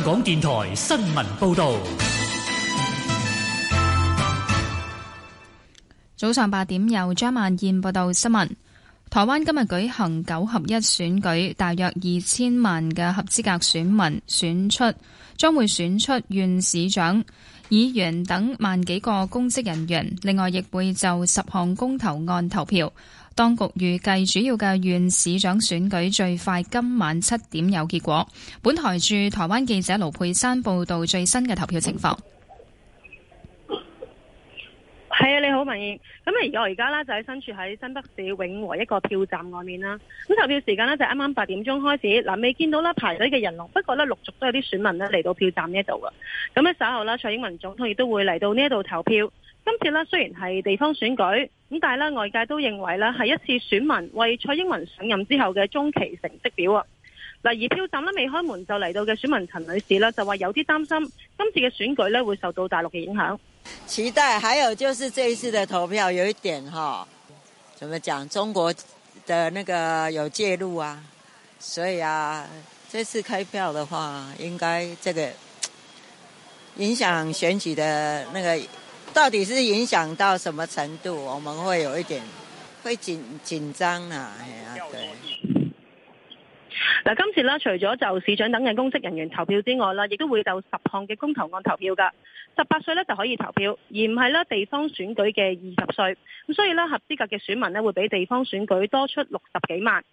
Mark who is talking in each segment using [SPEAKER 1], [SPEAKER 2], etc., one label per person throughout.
[SPEAKER 1] 香港電台新聞報道，
[SPEAKER 2] 早上八點由張萬燕報道新聞。台灣今日舉行九合一選舉，大約二千萬嘅合資格選民選出，將會選出縣市長、議員等萬幾個公職人員。另外，亦會就十項公投案投票。當局預計主要嘅縣市長選舉最快今晚七點有結果。本台駐台灣記者盧佩山報道最新嘅投票情況。
[SPEAKER 1] 係啊，你好文燕。咁啊，而我而家呢，就喺身處喺新北市永和一個票站外面啦。咁投票時間呢，就啱啱八點鐘開始。嗱，未見到啦排隊嘅人龍，不過呢，陸續都有啲選民呢嚟到票站呢一度噶。咁呢，稍後呢，蔡英文總統亦都會嚟到呢一度投票。今次呢，雖然係地方選舉。咁但係咧，外界都認為咧係一次選民為蔡英文上任之後嘅中期成績表啊。嗱，而票站咧未開門就嚟到嘅選民陳女士咧就話有啲擔心今次嘅選舉咧會受到大陸嘅影響。期待，還有就是這一次嘅投票有一點哈，怎麼講？中國的那個有介入啊，所以啊，這次開票的話，應該這個影響選舉的那個。到底是影響到什麼程度？我們會有一點會緊緊張係啊對。嗱，今次咧除咗就市長等嘅公職人員投票之外啦，亦都會就十項嘅公投案投票噶。十八歲咧就可以投票，而唔係咧地方選舉嘅二十歲。咁所以咧合資格嘅選民咧會比地方選舉多出六十幾萬。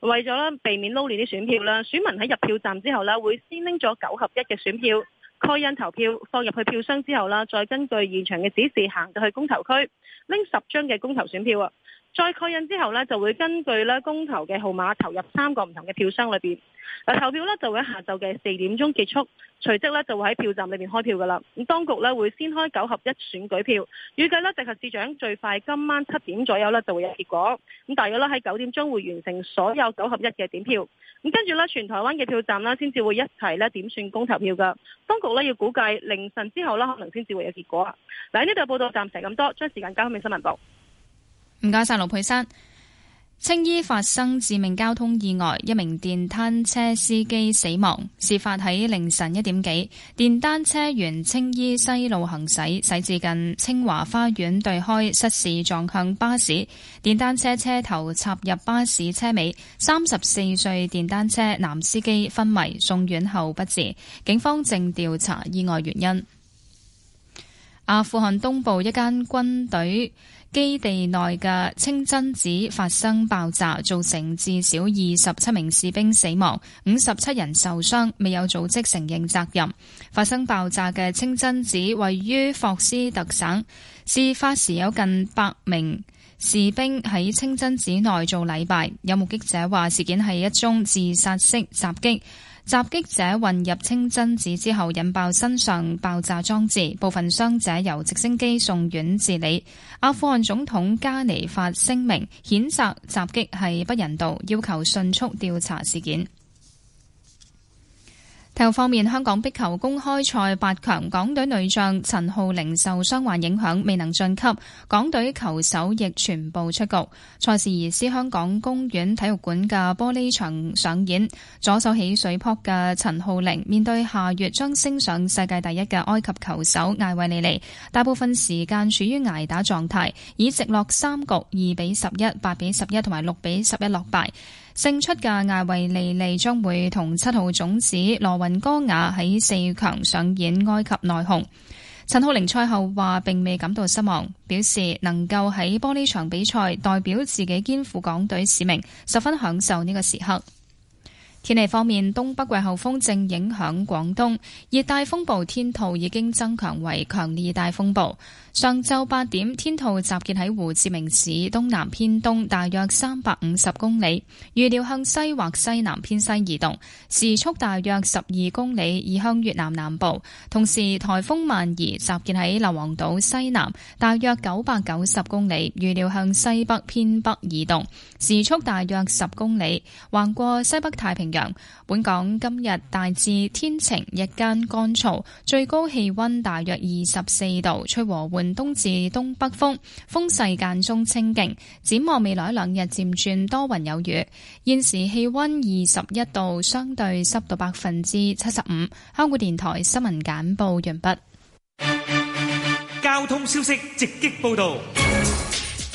[SPEAKER 1] 為咗咧避免撈亂啲選票咧，選民喺入票站之後咧會先拎咗九合一嘅選票。開印投票放入去票箱之後啦，再根據現場嘅指示行到去公投區，拎十張嘅公投選票啊！再確認之後呢，就會根據咧公投嘅號碼投入三個唔同嘅票箱裏面。嗱投票呢，就會喺下晝嘅四點鐘結束，隨即呢，就會喺票站裏面開票噶啦。咁當局呢，會先開九合一選舉票，預計呢，直轄市長最快今晚七點左右呢，就會有結果。大約呢，喺九點鐘會完成所有九合一嘅點票。咁跟住呢，全台灣嘅票站呢，先至會一齊呢點算公投票噶。當局呢，要估計凌晨之後呢，可能先至會有結果啊。嗱喺呢度報道暫時咁多，將時間交俾新聞部。
[SPEAKER 2] 唔該晒，羅佩珊。青衣發生致命交通意外，一名電單車司機死亡。事發喺凌晨一點幾，電單車沿青衣西路行駛，駛至近清華花園對開，失事撞向巴士，電單車車頭插入巴士車尾。三十四歲電單車男司機昏迷，送院後不治。警方正調查意外原因。阿富汗東部一間軍隊，基地內嘅清真寺發生爆炸，造成至少二十七名士兵死亡，五十七人受傷，未有組織承認責任。發生爆炸嘅清真寺位於霍斯特省，事發時有近百名士兵喺清真寺內做禮拜。有目擊者話事件係一宗自殺式襲擊。襲擊者混入清真寺之後引爆身上爆炸裝置，部分傷者由直升機送院治理。阿富汗總統加尼發聲明，譴責襲擊係不人道，要求迅速調查事件。體育方面，香港壁球公開賽八強，港隊女將陳浩玲受傷患影響，未能晉級。港隊球手亦全部出局。賽事移師香港公園體育館嘅玻璃場上演，左手起水撲嘅陳浩玲面對下月將升上世界第一嘅埃及球手艾維莉莉，大部分時間處於挨打狀態，以直落三局二比十一、八比十一同埋六比十一落敗。勝出嘅艾維利利將會同七號種子羅雲歌雅喺四強上演埃及內訌。陳浩鈴賽後話，並未感到失望，表示能夠喺玻璃場比賽代表自己肩負港隊使命，十分享受呢個時刻。天氣方面，東北季候風正影響廣東，熱帶風暴天兔已經增強為強烈熱帶風暴。上晝八點，天兔集結喺胡志明市東南偏東大約三百五十公里，預料向西或西南偏西移動，時速大約十二公里，移向越南南部。同時，台風萬宜，集結喺硫磺島西南大約九百九十公里，預料向西北偏北移動，時速大約十公里，橫過西北太平洋。本港今日大致天晴，日間乾燥，最高氣溫大約二十四度，吹和緩東至東北風，風勢間中清勁。展望未來兩日漸轉多雲有雨。現時氣溫二十一度，相對濕度百分之七十五。香港電台新聞簡報完畢。
[SPEAKER 3] 交通消息直擊報道。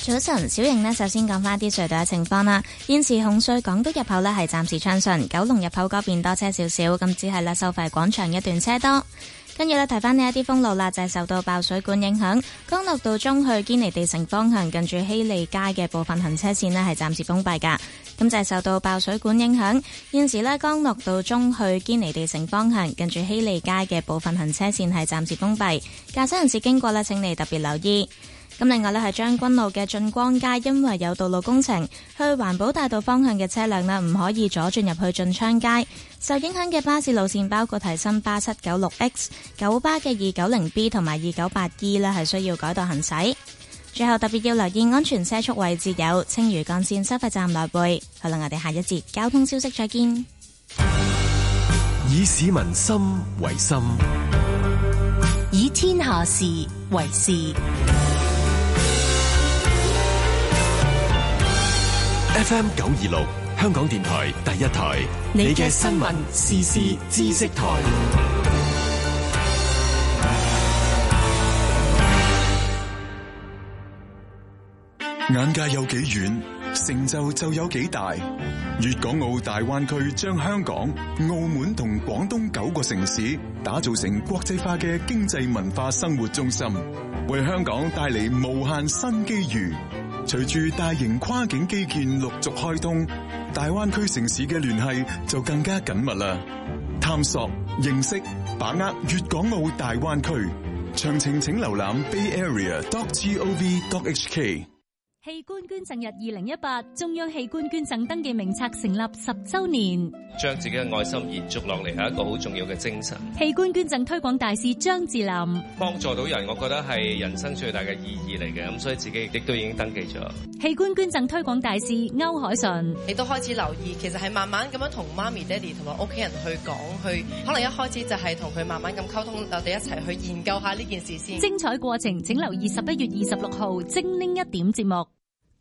[SPEAKER 4] 早晨，小瑩呢，首先講翻一啲隧道嘅情況啦。現時紅隧港島入口呢係暫時暢順，九龍入口嗰邊多車少少，咁只係咧收費廣場一段車多。跟住呢，提翻呢一啲封路啦，就係受到爆水管影響，干諾道中去堅尼地城方向近住希利街嘅部分行車線呢係暫時封閉噶。咁就係受到爆水管影響，現時呢，干諾道中去堅尼地城方向近住希利街嘅部分行車線係暫時封閉，駕駛人士經過呢，請你特別留意。咁另外呢係將軍澳嘅進光街，因為有道路工程，去環保大道方向嘅車輛呢唔可以左轉入去進昌街。受影響嘅巴士路線包括提新巴 796X 九巴嘅 290B 同埋 298E，呢係需要改道行駛。最後特別要留意安全車速位置有青嶼幹線收費站來背。好啦，我哋下一節交通消息再見。
[SPEAKER 5] 以市民心為心，
[SPEAKER 4] 以天下事為事。
[SPEAKER 5] FM 九二六，香港電台第一台，你嘅新聞時事知識台。眼界有幾遠，成就就有幾大。粵港澳大灣區將香港、澳門同廣東九個城市打造成國際化嘅經濟文化生活中心，為香港帶嚟無限新機遇。隨住大型跨境基建陸續開通，大灣區城市嘅聯繫就更加緊密啦。探索、認識、把握粵港澳大灣區，詳情請瀏覽 bayarea.gov.hk。
[SPEAKER 4] 器官捐贈日二零一八，中央器官捐贈登記名冊成立十周年，
[SPEAKER 1] 將自己嘅愛心延續落嚟係一個好重要嘅精神。
[SPEAKER 4] 器官捐贈推廣大使張智霖，
[SPEAKER 1] 幫
[SPEAKER 6] 助到人，我覺得係人生最大嘅意義嚟嘅。咁所以自己亦都已經登記咗。
[SPEAKER 4] 器官
[SPEAKER 1] 捐贈推廣大使歐海純，你都開始留意，其實係慢慢咁樣同媽咪、爹哋同埋屋企人去講，去可能一開始就係同佢慢慢咁溝通，我哋一齊去研究下呢件事先。精彩過程，請留意十一月二十六號精靈一點節目。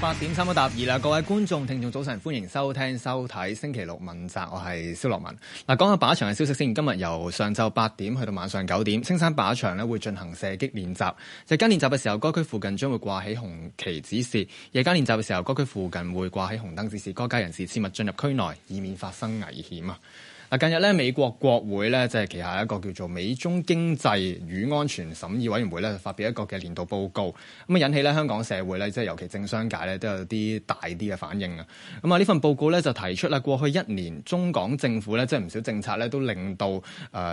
[SPEAKER 5] 八點三一答二啦，各位觀眾、聽眾，早晨，歡迎收聽、收睇星期六問責，我係蕭樂文。嗱，講下靶場嘅消息先。今日由上晝八點去到晚上九點，青山靶場呢會進行射擊練習。日間練習嘅時候，該區附近將會掛起紅旗指示；夜間練習嘅時候，該區附近會掛起紅燈指示，各界人士切勿進入區內，以免發生危險啊！嗱，近日咧美國國會咧即係旗下一個叫做美中經濟與安全審議委員會咧，發表一個嘅年度報告，咁啊引起咧香港社會咧即係尤其政商界咧都有啲大啲嘅反應啊。咁啊呢份報告咧就提出啦，過去一年中港政府咧即係唔少政策咧都令到誒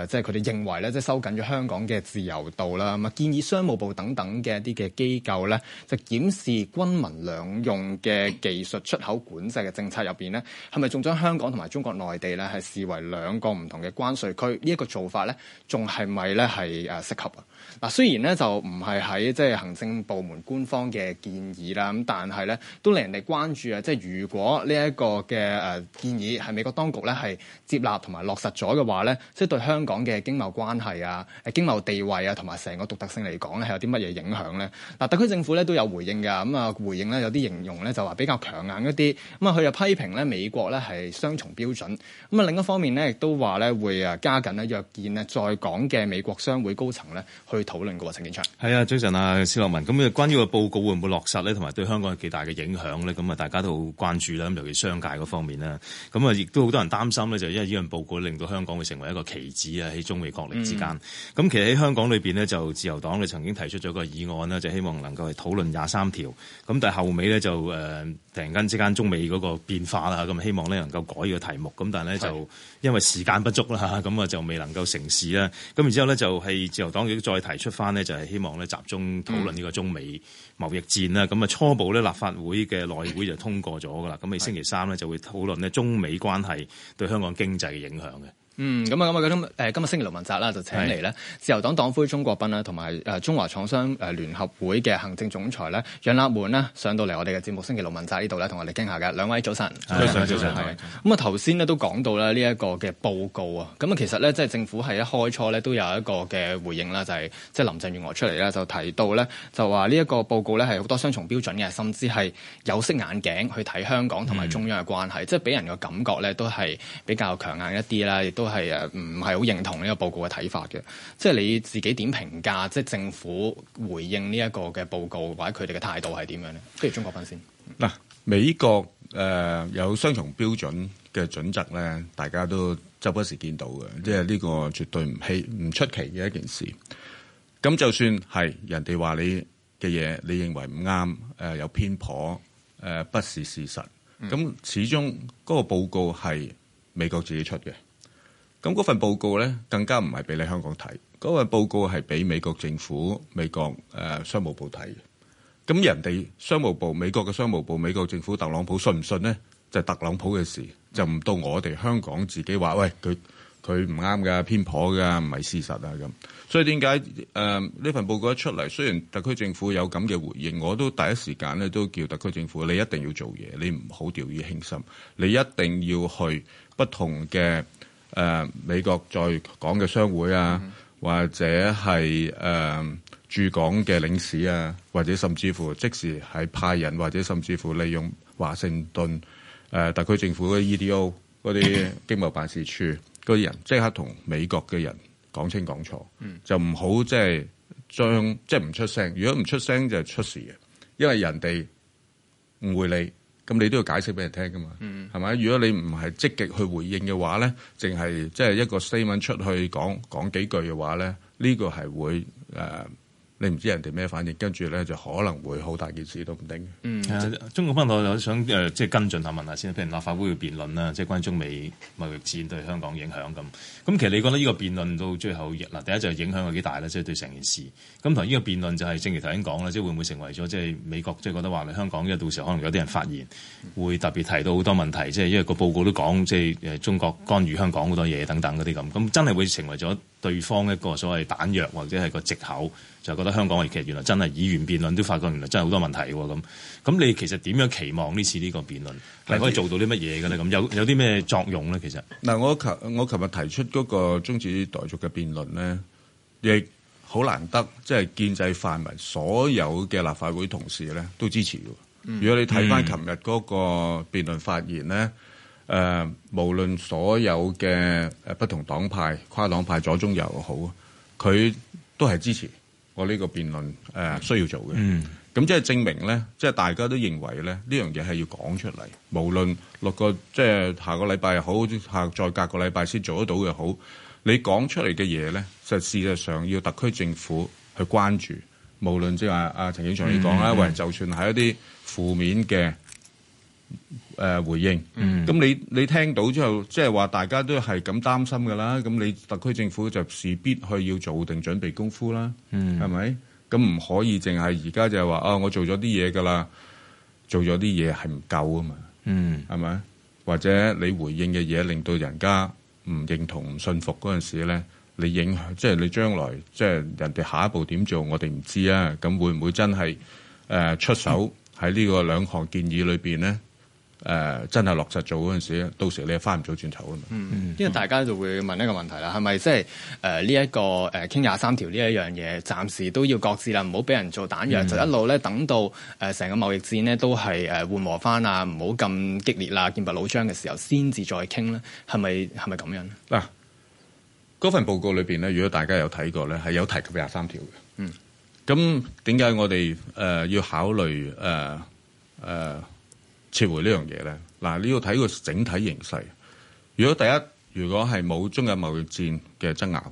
[SPEAKER 5] 即係佢哋認為咧即係收緊咗香港嘅自由度啦。咁啊建議商務部等等嘅一啲嘅機構咧，就檢視軍民兩用嘅技術出口管制嘅政策入邊咧，係咪仲將香港同埋中國內地咧係視為兩個唔同嘅關稅區呢一個做法咧，仲係咪咧係誒適合啊？嗱，雖然咧就唔係喺即係行政部門官方嘅建議啦，咁但係咧都令人哋關注啊！即係如果呢一個嘅誒建議係美國當局咧係接納同埋落實咗嘅話咧，即係對香港嘅經貿關係啊、經貿地位啊同埋成個獨特性嚟講咧，係有啲乜嘢影響咧？嗱，特區政府咧都有回應㗎，咁啊回應咧有啲形容咧就話比較強硬一啲，咁啊佢又批評咧美國咧係雙重標準，咁啊另一方面咧亦都話咧會啊加緊咧約見呢在港嘅美國商會高層咧去。討
[SPEAKER 3] 建係啊，早晨啊，施洛文咁關於個報告會唔會落實咧，同埋對香港有幾大嘅影響咧？咁啊，大家都好關注啦。咁尤其商界嗰方面啦。咁啊，亦都好多人擔心咧，就因為呢樣報告令到香港會成為一個棋子啊，喺中美角力之間。咁、嗯、其實喺香港裏面呢，就自由黨你曾經提出咗個議案啦，就是、希望能夠係討論廿三條。咁但係後尾咧就、呃突然間之間，中美嗰個變化啦，咁希望咧能夠改個題目，咁但係咧就因為時間不足啦，咁啊就未能夠成事啦。咁然之後咧就係自由黨亦都再提出返咧，就係希望咧集中討論呢個中美貿易戰啦。咁、嗯、啊初步咧立法會嘅內會就通過咗㗎啦。咁你星期三咧就會討論咧中美
[SPEAKER 5] 關係對香港經濟嘅影響嘅。嗯，咁、嗯、啊，咁、嗯、啊、嗯，今日星期六問責啦，就請嚟咧，自由黨黨魁鍾國斌啦，同埋中華廠商誒聯合會嘅行政總裁咧，楊立門啦，上到嚟我哋嘅節目星期六問責呢度咧，同我哋傾下嘅。兩位早晨，早晨，早晨。咁啊，頭先咧都講到啦，呢一個嘅報告啊，咁啊，其實咧即係政府係一開初咧都有一個嘅回應啦，就係即係林鄭月娥出嚟啦，就提到咧就話呢一個報告咧係好多雙重標準嘅，甚至係有色眼鏡去睇香港同埋中央嘅關係，嗯、即係俾人嘅感覺咧都係比較強硬一啲啦，亦都，都係誒，唔係好認同呢個報告嘅睇法嘅，即係你自己點評價？即係政府回應呢一個嘅報告，或者佢哋嘅態度係點樣咧？不如鍾國斌先
[SPEAKER 7] 嗱，美國誒、呃、有雙重標準嘅準則咧，大家都周不時見到嘅，嗯，即係呢個絕對唔係唔出奇嘅一件事。咁就算係人哋話你嘅嘢，你認為唔啱誒，有偏頗誒、呃，不是事實，咁、嗯、始終嗰個報告係美國自己出嘅。咁嗰份報告咧，更加唔係俾你香港睇。嗰份報告係俾美國政府、美國誒、呃、商務部睇嘅。咁人哋商務部、美國嘅商務部、美國政府，特朗普信唔信呢？就係、特朗普嘅事就唔到我哋香港自己話喂佢佢唔啱噶，偏頗噶，唔係事實啊。咁所以點解誒呢份報告一出嚟，雖然特區政府有咁嘅回應，我都第一時間咧都叫特區政府你一定要做嘢，你唔好掉以輕心，你一定要去不同嘅。誒、呃、美國在港嘅商會啊，嗯、或者係誒駐港嘅領事啊，或者甚至乎即時係派人，或者甚至乎利用華盛頓誒、呃、特區政府嘅 EDO 啲經貿辦事處嗰啲、嗯、人，即刻同美國嘅人講清講楚，嗯、就唔好即係將即係唔出聲，如果唔出聲就係出事嘅，因為人哋誤會你。咁你都要解釋俾人聽噶嘛，係、嗯、咪？如果你唔係積極去回應嘅話咧，淨係即係一個 statement 出去講講幾句嘅話咧，
[SPEAKER 3] 呢、呢個係會誒。呃你唔知人哋咩反應，跟住咧就可能會好大件事都唔定。嗯，係啊、中國方面我有想誒，即、呃、係跟進下問下先。譬如立法會嘅辯論啦，即係關於中美貿易戰對香港影響咁。咁其實你覺得呢個辯論到最後，嗱，第一就係、是、影響有幾大咧？即、就、係、是、對成件事咁同呢個辯論就係、是、正如頭先經講啦，即係會唔會成為咗即係美國即係覺得話嚟香港，因為到時候可能有啲人發言會特別提到好多問題，即係因為那個報告都講即係誒中國干預香港好多嘢等等嗰啲咁。咁真係會成為咗對方一個所謂彈藥，或者係個藉口。就覺得香港其實原來真係議員辯論都發覺原來真係好多問題喎，咁咁，你其實點樣期望呢次呢個辯論係可以做到啲乜嘢嘅咧，咁有有啲咩作用咧？其實嗱、嗯，我琴我琴日提出嗰個終止待續嘅辯論咧，
[SPEAKER 7] 亦好難得，即、就、係、是、建制泛民所有嘅立法會同事咧都支持。如果你睇翻琴日嗰個辯論發言咧，誒、嗯呃、無論所有嘅誒不同黨派跨黨派左中右好，佢都係支持。我呢個辯論誒、呃、需要做嘅，咁、嗯、即係證明咧，即係大家都認為咧呢樣嘢係要講出嚟，無論六個即係下個禮拜又好，下再隔個禮拜先做得到嘅。好，你講出嚟嘅嘢咧，實事實上要特區政府去關注，無論即係阿阿陳景祥你講啦，喂、嗯嗯，就算係一啲負面嘅。誒、呃，回應，咁、嗯、你你聽到之後，即係話大家都係咁擔心噶啦，咁你特區政府就勢必去要做定準備功夫啦，係、嗯、咪？咁唔可以淨係而家就係話啊，我做咗啲嘢噶啦，做咗啲嘢係唔夠啊嘛，嗯，係咪？或者你回應嘅嘢令到人家唔認同、唔信服嗰陣時咧，你影響即係、就是、你將來即係、就是、人哋下一步點做，我哋唔知道啊。咁會唔會真係誒、呃、出手喺呢個兩項建議裏邊咧？誒、呃，真係落實做嗰陣時候，到時你又
[SPEAKER 5] 翻唔到轉頭啦嘛。嗯，因為大家就會問一個問題啦，係咪即係誒呢一個誒傾廿三條呢一樣嘢，暫時都要擱置啦，唔好俾人做彈藥、嗯，就一路咧等到誒成、呃、個貿易戰呢都係誒緩和翻啊，唔好咁激烈啦，劍拔弩張嘅時候才，先至再傾咧，係咪係咪咁樣？嗱，嗰份報告裏邊咧，如果大家有睇過
[SPEAKER 7] 咧，係有提及廿三條嘅。
[SPEAKER 4] 嗯，
[SPEAKER 7] 咁點解我哋誒、呃、要考慮誒誒？呃呃撤回呢樣嘢咧，嗱，你要睇個整體形勢。如果第一，如果係冇中日貿易戰嘅爭拗；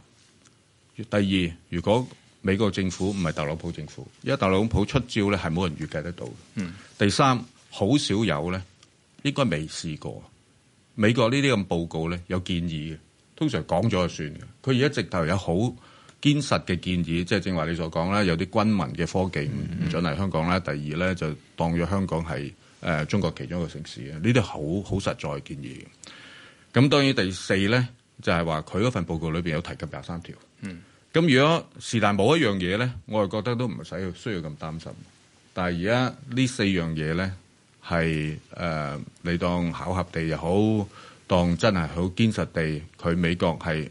[SPEAKER 7] 第二，如果美國政府唔係特朗普政府，因為特朗普出招咧係冇人預計得到。第三，好少有咧，應該未試過美國呢啲咁報告咧有建議嘅，通常講咗就算嘅。佢而家直頭有好堅實嘅建議，即係正話你所講啦，有啲軍民嘅科技唔准嚟香港啦。第二咧就當咗香港係，誒、呃，中國其中一個城市呢啲好好實在建議。咁當然第四咧，就係話佢嗰份報告裏面有提及廿三條。嗯，咁如果是但冇一樣嘢咧，我係覺得都唔使需要咁擔心。但係而家呢四樣嘢咧，係誒、呃、你當巧合地又好，當真係好堅實地佢美國係誒、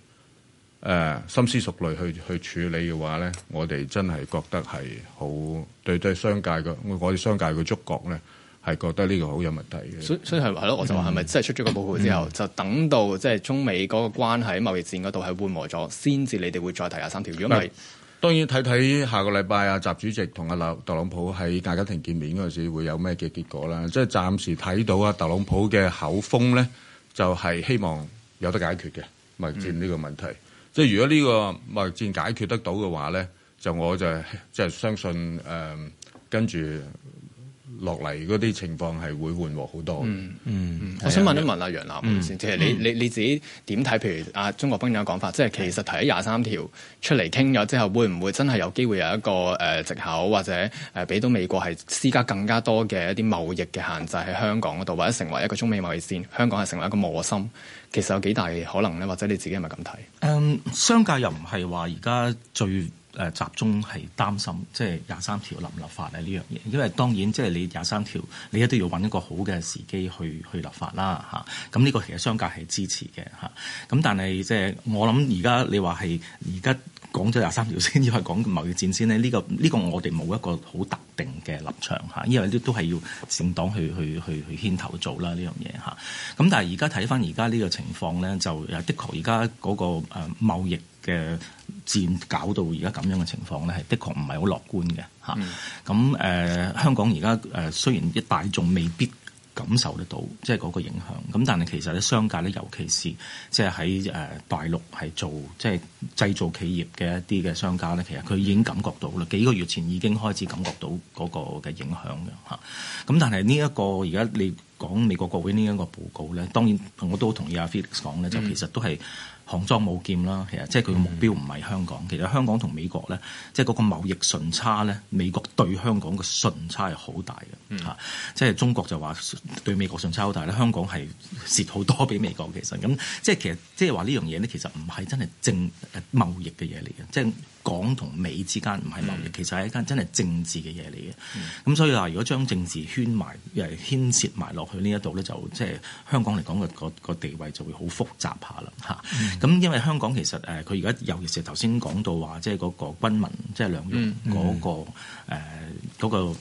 [SPEAKER 7] 呃、深思熟慮去去處理嘅話咧，我哋真係覺得係好對對商界嘅。我哋商界嘅觸覺咧，係覺得呢個好有問題嘅，
[SPEAKER 5] 所以所以係係咯，我就話係咪即係出咗個報告之後， 就等到即係中美嗰個關係貿易戰嗰度係緩和咗，先至你哋會再提下三條。如果唔係，
[SPEAKER 7] 當然睇睇下個禮拜阿習主席同阿納特朗普喺大家庭見面嗰陣時會有咩嘅結果啦。即係暫時睇到啊，特朗普嘅口風咧，就係、是、希望有得解決嘅貿易戰呢個問題。嗯、即係如果呢個貿易戰解決得到嘅話咧，就我就即係相信誒、呃、跟住。
[SPEAKER 5] 落嚟嗰啲情況係會緩和好多。嗯嗯，
[SPEAKER 7] 我想問
[SPEAKER 5] 一問阿、嗯、楊立門先，即係、嗯、你你你自己點睇？譬如啊，中國賓有講法，即係其實提咗廿三條出嚟傾咗之後，會唔會真係有機會有一個誒、呃、藉口，或者誒俾、呃、到美國係施加更加多嘅一啲貿易嘅限制喺香港嗰度，或者成為一個中美貿易戰，香港係成為一個磨心？其實有幾大可能咧？或者你自己係咪咁睇？
[SPEAKER 6] 誒、嗯，商界又唔係話而家最。誒集中係擔心，即係廿三條立唔立法啊。呢樣嘢，因為當然即係你廿三條，你一定要揾一個好嘅時機去去立法啦嚇。咁呢個其實商界係支持嘅嚇。咁但係即係我諗而家你話係而家講咗廿三條先，要講貿易戰先咧，呢個呢個我哋冇一個好特定嘅立場嚇，因為都都係要政黨去去去去牽頭做啦呢樣嘢嚇。咁但係而家睇翻而家呢個情況咧，就的確而家嗰個誒、啊、貿易嘅。戰搞到而家咁樣嘅情況咧，係的確唔係好樂觀嘅嚇。咁、嗯、誒、呃，香港而家誒雖然一大眾未必感受得到，即係嗰個影響。咁但係其實咧，商界咧，尤其是即係喺誒大陸係做即係、就是、製造企業嘅一啲嘅商家咧，其實佢已經感覺到啦。幾個月前已經開始感覺到嗰個嘅影響嘅嚇。咁、啊、但係呢一個而家你講美國國會呢一個報告咧，當然我都同意阿、啊、Felix 講咧，就其實都係。嗯項莊舞劍啦，其實即係佢個目標唔係香港。其實香港同美國咧，即係嗰個貿易順差咧，美國對香港嘅順差係好大嘅嚇、嗯。即係中國就話對美國順差好大咧，香港係蝕好多俾美國。其實咁即係其實即係話呢樣嘢咧，其實唔係真係正貿易嘅嘢嚟嘅。即係。港同美之間唔係貿易，其實係一間真係政治嘅嘢嚟嘅。咁、嗯、所以話，如果將政治圈埋誒牽涉埋落去呢一度咧，就即係、就是、香港嚟講嘅個、那個地位就會好複雜下啦嚇。咁、嗯、因為香港其實誒，佢而家尤其是頭先講到話，即係嗰個軍民即係、就是、兩用嗰個嗰個。嗯嗯呃那個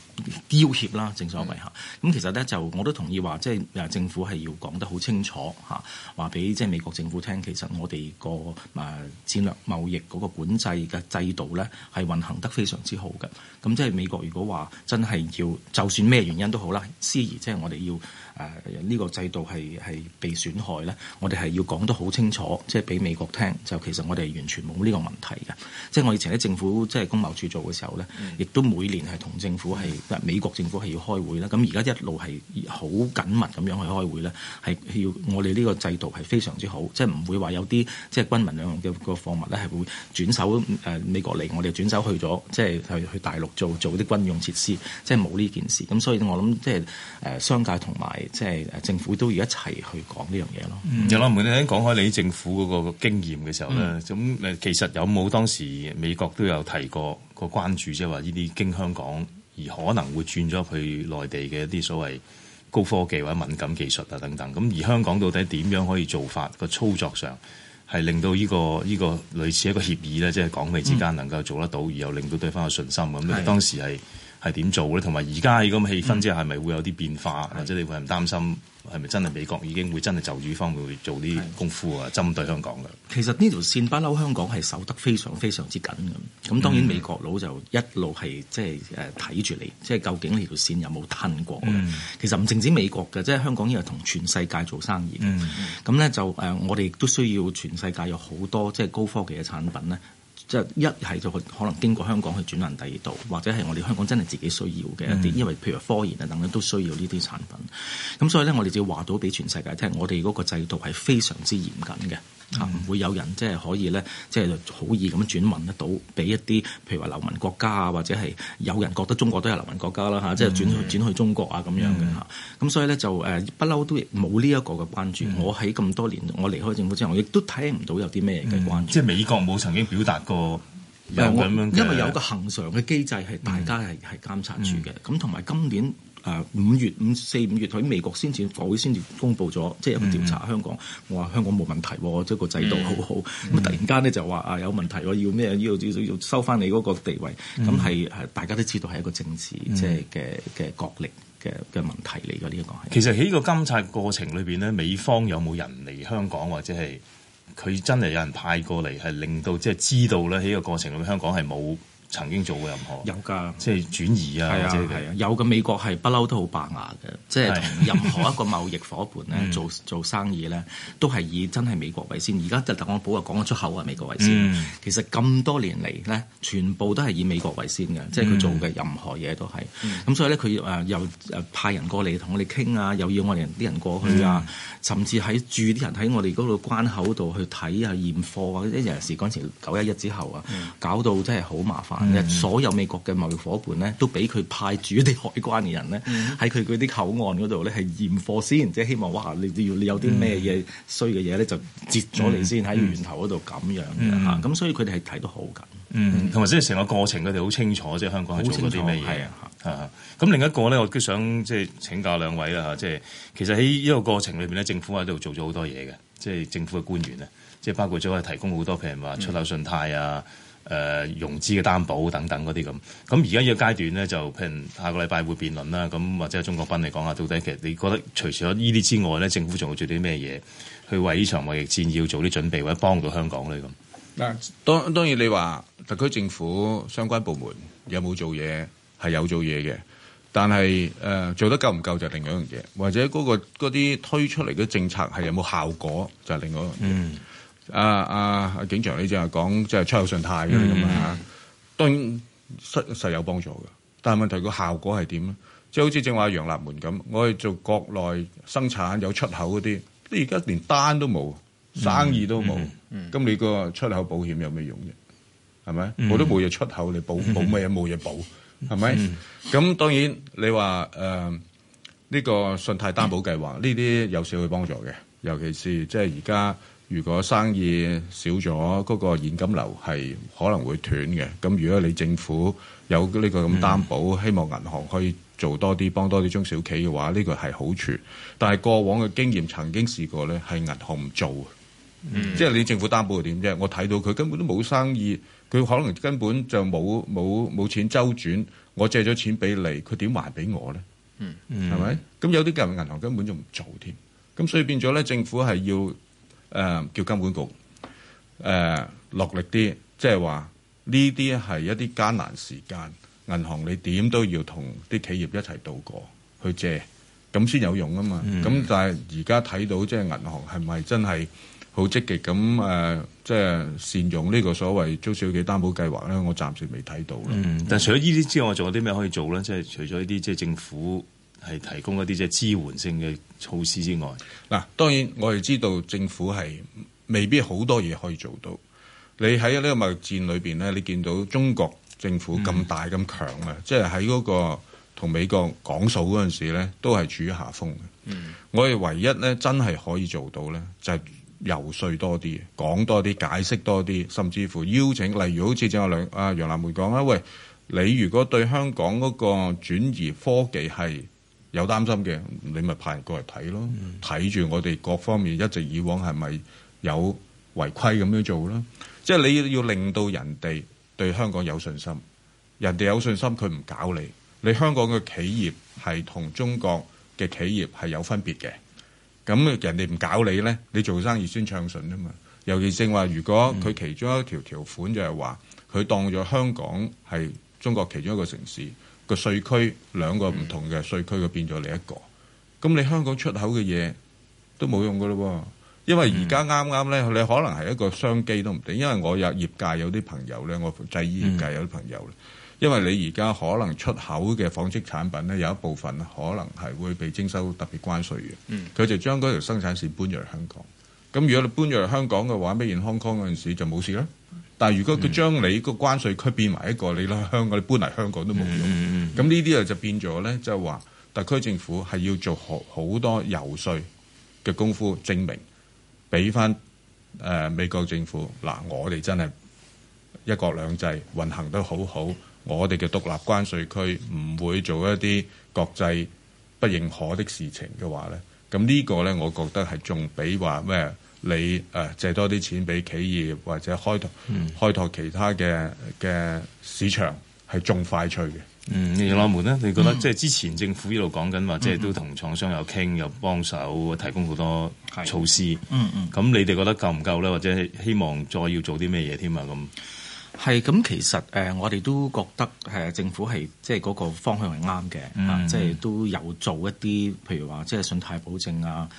[SPEAKER 6] 要挾啦，正所謂嚇。咁其實咧，就我都同意話，即係政府係要講得好清楚嚇，話俾即係美國政府聽。其實我哋個誒戰略貿易嗰個管制嘅制度咧，係運行得非常之好嘅。咁即係美國如果話真係要，就算咩原因都好啦，私議即係我哋要。誒、啊、呢、這個制度係被損害咧，我哋係要講得好清楚，即係俾美國聽，就其實我哋係完全冇呢個問題嘅。即、就、係、是、我以前喺政府即係、就是、公貿處做嘅時候咧，亦都每年係同政府係美國政府係要開會啦。咁而家一路係好緊密咁樣去開會咧，係要我哋呢個制度係非常之好，即係唔會話有啲即係軍民兩用嘅個貨物咧，係會轉手美國嚟，我哋轉手去咗，即係去去大陸做做啲軍用設施，即係冇呢件事。咁所以我諗即係誒商界同埋。即係政府都要一齊去講呢樣嘢咯。有、嗯、啦，唔好聽講開你政府嗰個經驗嘅時候咧。咁、嗯、誒，其實有冇當時
[SPEAKER 3] 美國都有提過個關注，即係話呢啲經香港而可能會轉咗去內地嘅一啲所謂高科技或者敏感技術啊等等。咁而香港到底點樣可以做法個操作上係令到呢個呢個類似一個協議咧，即係港美之間能夠做得到，而又令到對方有信心啊？咁當時係。嗯係點做咧？同埋而家喺咁氣氛之下，係咪會有啲變化、嗯？或者你會唔擔心係咪真係美國已經會真係就住呢方面
[SPEAKER 6] 做啲功夫啊？針對香港嘅，其實呢條線不嬲香港係守得非常非常之緊嘅。咁當然美國佬就一路係即係睇住你，即係究竟呢條線有冇褪過、嗯。其實唔淨止美國嘅，即係香港已經同全世界做生意咁咧、嗯、就、呃、我哋都需要全世界有好多即係、就是、高科技嘅產品咧。即、就、係、是、一係就可能經過香港去轉運第二度，或者係我哋香港真係自己需要嘅一啲、嗯，因為譬如科研啊等等都需要呢啲產品。咁所以咧，我哋就要話到俾全世界聽，我哋嗰個制度係非常之嚴謹嘅，嚇、嗯、唔、啊、會有人即係可以咧，即係好易咁轉運得到些，俾一啲譬如話流氓國家啊，或者係有人覺得中國都係流氓國家啦嚇，即、啊、係、就是、轉去、嗯、轉去中國啊咁樣嘅嚇。咁、嗯啊、所以咧就誒不嬲都冇呢一個嘅關注。嗯、我喺咁多年，我離開政府之後，我亦都睇唔到有啲咩嘅關注。即、嗯、係、就是、美國冇曾經表達過。
[SPEAKER 4] 有因為有個
[SPEAKER 6] 恒常嘅機制係大家係係監察住嘅。咁同埋今年誒五月五四五月喺美國先至國會先至公布咗，即係一個調查香港。嗯、我話香港冇問題，即、這、係個制度好好。咁、嗯嗯、突然間咧就話啊有問題，我要咩要要要收翻你嗰個地位。咁係係大家都知道係一個政治即係嘅嘅角力嘅嘅問題嚟嘅呢一個。其實喺個監察過程裏邊咧，美方有冇人嚟
[SPEAKER 3] 香港或者係？佢真係有人派過嚟，係令到即係、就是、知道咧喺呢個過程裏，
[SPEAKER 6] 香港係冇。曾經做過任何有噶，即係轉移啊，係啊係啊，有嘅美國係不嬲都好白牙嘅，即係同任何一個貿易伙伴咧做、嗯、做生意咧，都係以真係美國為先。而家就特朗普話講嘅出口係美國為先，嗯、其實咁多年嚟咧，全部都係以美國為先嘅，嗯、即係佢做嘅任何嘢都係。咁、嗯、所以咧，佢誒又誒派人過嚟同我哋傾啊，又要我哋啲人過去啊，嗯、甚至喺住啲人喺我哋嗰個關口度去睇啊驗貨啊，有陣時嗰陣時九一一之後啊，嗯、搞到真係好麻煩。嗯、所有美國嘅貿易伙伴咧，都俾佢派住啲海關嘅人咧，喺佢嗰啲口岸嗰度咧，係驗貨先，即係希望哇，你要你有啲咩嘢衰嘅嘢咧，就截咗你先喺源頭嗰度咁樣嘅嚇。咁所以佢哋係睇得好緊，嗯，
[SPEAKER 3] 同埋即係成個過程佢哋好清楚，即係香港係做咗啲咩嘢嚇。咁另一個咧，我都想即係請教兩位啦嚇，即係其實喺呢個過程裏邊咧，政府喺度做咗好多嘢嘅，即係政府嘅官員咧，即係包括咗係提供好多譬如話出口信貸、嗯、啊。誒、呃、融資嘅擔保等等嗰啲咁，咁而家呢個階段咧，就譬如下個禮拜會辯論啦，咁或者阿鍾國斌嚟講下，到底其實你覺得除咗呢啲之外咧，政府仲要做啲咩嘢去為呢場貿易戰要做啲準備，或者幫到香港咧咁？嗱，當當然你話特
[SPEAKER 7] 區政府相關部門有冇做嘢係有做嘢嘅，但係誒、呃、做得夠唔夠就另外一樣嘢，或者嗰、那個嗰啲推出嚟嘅政策係有冇效果就係、是、另外一樣嘢。嗯阿、啊、阿、啊、警長，你正係講即係出口信貸嘅咁啊吓，mm -hmm. 當然實實有幫助嘅，但係問題個效果係點咧？即係好似正話楊立門咁，我哋做國內生產有出口嗰啲，你而家連單都冇，生意都冇，咁、mm -hmm. 你個出口保險有咩用啫？係咪？Mm -hmm. 我都冇嘢出口，你保保咩啊？冇嘢保，係咪？咁、mm -hmm. 當然你話誒呢個信貸擔保計劃呢啲有少少幫助嘅，尤其是即係而家。如果生意少咗，嗰、那個現金流係可能會斷嘅。咁如果你政府有呢個咁擔保，希望銀行可以做多啲，幫多啲中小企嘅話，呢、這個係好處。但係過往嘅經驗曾經試過咧，係銀行唔做，
[SPEAKER 1] 嗯，
[SPEAKER 7] 即係你政府擔保嘅點啫？我睇到佢根本都冇生意，佢可能根本就冇冇冇錢周轉。我借咗錢俾你，佢點還俾我咧？嗯，係咪？咁有啲銀行根本就唔做添。咁所以變咗咧，政府係要呃、叫金管局誒落、呃、力啲，即係話呢啲係一啲艱難時間，銀行你點都要同啲企業一齊度過去借，咁先有用啊嘛。咁、嗯、但係而家睇到即係、就是、銀行係咪真係好積極咁誒，即、呃、係、就是、善用呢個所謂中小企擔保計劃咧？我暫時未睇到啦、嗯。但係除
[SPEAKER 3] 咗呢啲之外，仲有啲咩可以做咧？即、就、係、是、除咗一啲即係政府。係提供一啲即係支援性嘅措施之外，嗱當然我哋知道政
[SPEAKER 7] 府係未必好多嘢可以做到。你喺呢個貿易戰裏面，咧，你見到中國政府咁大咁強嘅，即係喺嗰個同美國講數嗰陣時咧，都係處於下風嘅、嗯。我哋唯一咧真係可以做到咧，就係、是、游說多啲，講多啲，解釋多啲，甚至乎邀請，例如好似正阿梁楊立門講啦，喂，你如果對香港嗰個轉移科技係，有擔心嘅，你咪派人過嚟睇咯，睇住我哋各方面一直以往係咪有違規咁樣做啦。即係你要令到人哋對香港有信心，人哋有信心佢唔搞你。你香港嘅企業係同中國嘅企業係有分別嘅。咁人哋唔搞你呢，你做生意先暢順啊嘛。尤其正話，如果佢其中一條條款就係話，佢當咗香港係中國其中一個城市。稅區兩個稅區兩個唔同嘅稅區，個、嗯、變咗你一個。咁你香港出口嘅嘢都冇用噶咯，因為而家啱啱咧，你可能係一個商機都唔定。因為我有業界有啲朋友咧，我製衣業界有啲朋友、嗯、因為你而家可能出口嘅紡織產品咧，有一部分可能係會被徵收特別關稅嘅。佢、嗯、就將嗰條生產線搬咗嚟香港。咁如果你搬咗嚟香港嘅話，咩 Hong Kong 嗰陣時就冇事啦。但係如果佢將你個關稅區變埋一個你落香港，你搬嚟香港都冇用。咁呢啲啊就變咗咧，就係話，特區政府係要做好好多遊說嘅功夫，證明俾翻誒美國政府嗱，我哋真係一國兩制運行得好好，我哋嘅獨立關稅區唔會做一啲國際不認可的事情嘅話咧，咁呢個咧，我覺得係仲比話咩？你、啊、借多啲錢俾企業或者開拓、嗯、開拓其他嘅嘅市場係仲
[SPEAKER 3] 快脆嘅。嗯，你諗下門咧？你覺得、嗯、即係之前政府一路講緊話，即係都同廠商有傾，有幫手提供好多措施。嗯嗯。
[SPEAKER 6] 咁你哋覺得夠唔夠咧？或者希望再要做啲咩嘢添啊？咁。係咁，其實誒，我哋都覺得誒政府係即係嗰個方向係啱嘅，啊、嗯，即、就、係、是、都有做一啲，譬如話即係信貸保證啊，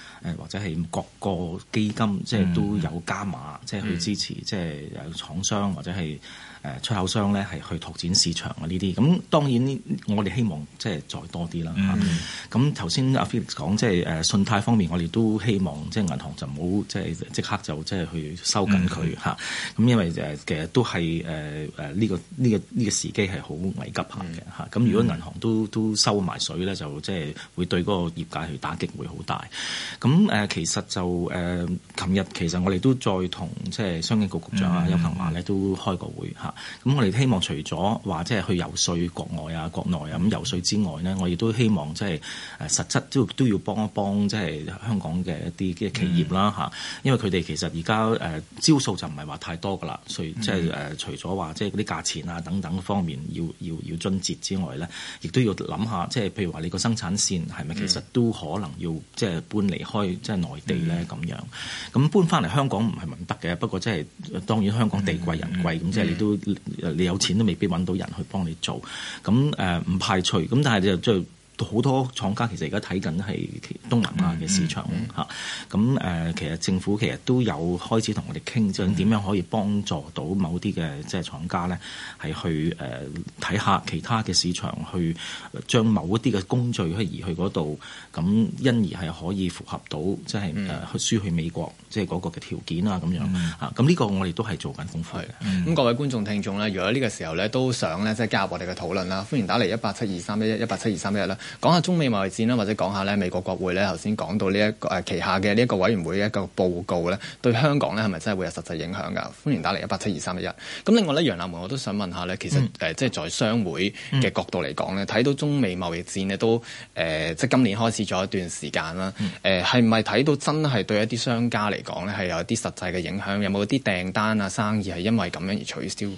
[SPEAKER 6] 或者係各個基金即係、就是、都有加碼，即、嗯、係、就是、去支持即係、就是、有廠商或者係。誒出口商咧係去拓展市場呢啲，mm -hmm. 啊！呢啲咁當然，我哋希望即係再多啲啦，咁頭先阿 Philip 講即係誒信貸方面，我哋都希望即係銀行就唔好即係即刻就即係去收緊佢嚇。咁、mm -hmm. 啊、因為誒其實都係誒誒呢個呢、呢個呢、呢個時機係好危急下嘅嚇。咁、mm -hmm. 啊、如果銀行都都收埋水咧，就即係會對嗰個業界去打擊會好大。咁、啊、誒其實就誒琴日其實我哋都再同即係商經局局長啊邱騰華咧都開個會嚇。啊咁我哋希望除咗話即係去游說國外啊、國內啊咁游說之外呢，我亦都希望即係誒實質都都要幫一幫即係香港嘅一啲嘅企業啦吓，mm -hmm. 因為佢哋其實而家誒招數就唔係話太多噶啦，所以即、就是 mm -hmm. 啊、除咗話即係嗰啲價錢啊等等方面要要要樽節之外呢，亦都要諗下即係、就是、譬如話你個生產線係咪其實都可能要即係搬離開即係內地呢咁、mm -hmm. 樣？咁搬翻嚟香港唔係唔得嘅，不過即、就、係、是、當然香港地貴人貴咁，即、mm、係 -hmm. 你都。你有錢都未必揾到人去幫你做，咁誒唔排除，咁但係就就好多廠家其實而家睇緊係東南亞嘅市場嚇，咁、mm、誒 -hmm. 其實政府其實都有開始同我哋傾，即係點樣可以幫助到某啲嘅即係廠家咧，係去誒睇下其他嘅市場，去將某一啲嘅工序而移去嗰度。咁因而係可以符合到即係誒輸去美國即係嗰個嘅條件、嗯、啊咁樣嚇，咁
[SPEAKER 5] 呢個我哋都係做緊功課嘅。咁各位觀眾聽眾呢，如果呢個時候呢都想呢，即係加入我哋嘅討論啦，歡迎打嚟一八七二三一一一八七二三一一啦，講下中美貿易戰啦，或者講下呢美國國會呢，頭先講到呢、這、一個、呃、旗下嘅呢一個委員會一個報告呢，對香港呢係咪真係會有實際影響㗎？歡迎打嚟一八七二三一一。咁另外呢，楊立門我都想問下呢，其實即係、嗯呃就是、在商會嘅角度嚟講呢，睇、嗯、到中美貿易戰呢都、呃、即今年開始。咗一段時間啦，誒、呃，係唔係睇到真係對一啲商家嚟講咧，係有啲實際嘅影響，有冇啲訂單、啊生意係因為咁樣而取消？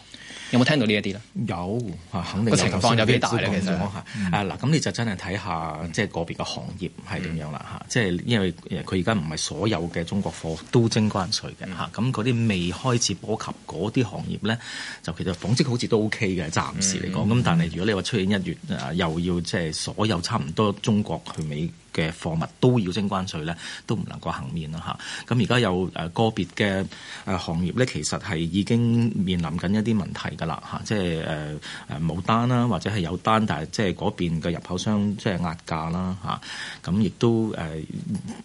[SPEAKER 5] 有冇聽到呢一啲咧？有啊，肯定個情況有幾大咧。其實，啊嗱，咁你就真係睇下，即、
[SPEAKER 6] 就、係、是、個別嘅行業係點樣啦。即、嗯、係因為誒，佢而家唔係所有嘅中國貨都徵關稅嘅。咁嗰啲未開始波及嗰啲行業咧，就其實紡織好似都 OK 嘅，暫時嚟講。咁、嗯、但係如果你話出現一月啊，又要即係所有差唔多中國去美嘅貨物都要徵關稅咧，都唔能夠幸免啦嚇。咁而家有誒個別嘅誒行業咧，其實係已經面臨緊一啲問題㗎啦嚇，即係誒誒冇單啦，或者係有單，但係即係嗰邊嘅入口商即係壓價啦嚇。咁亦都誒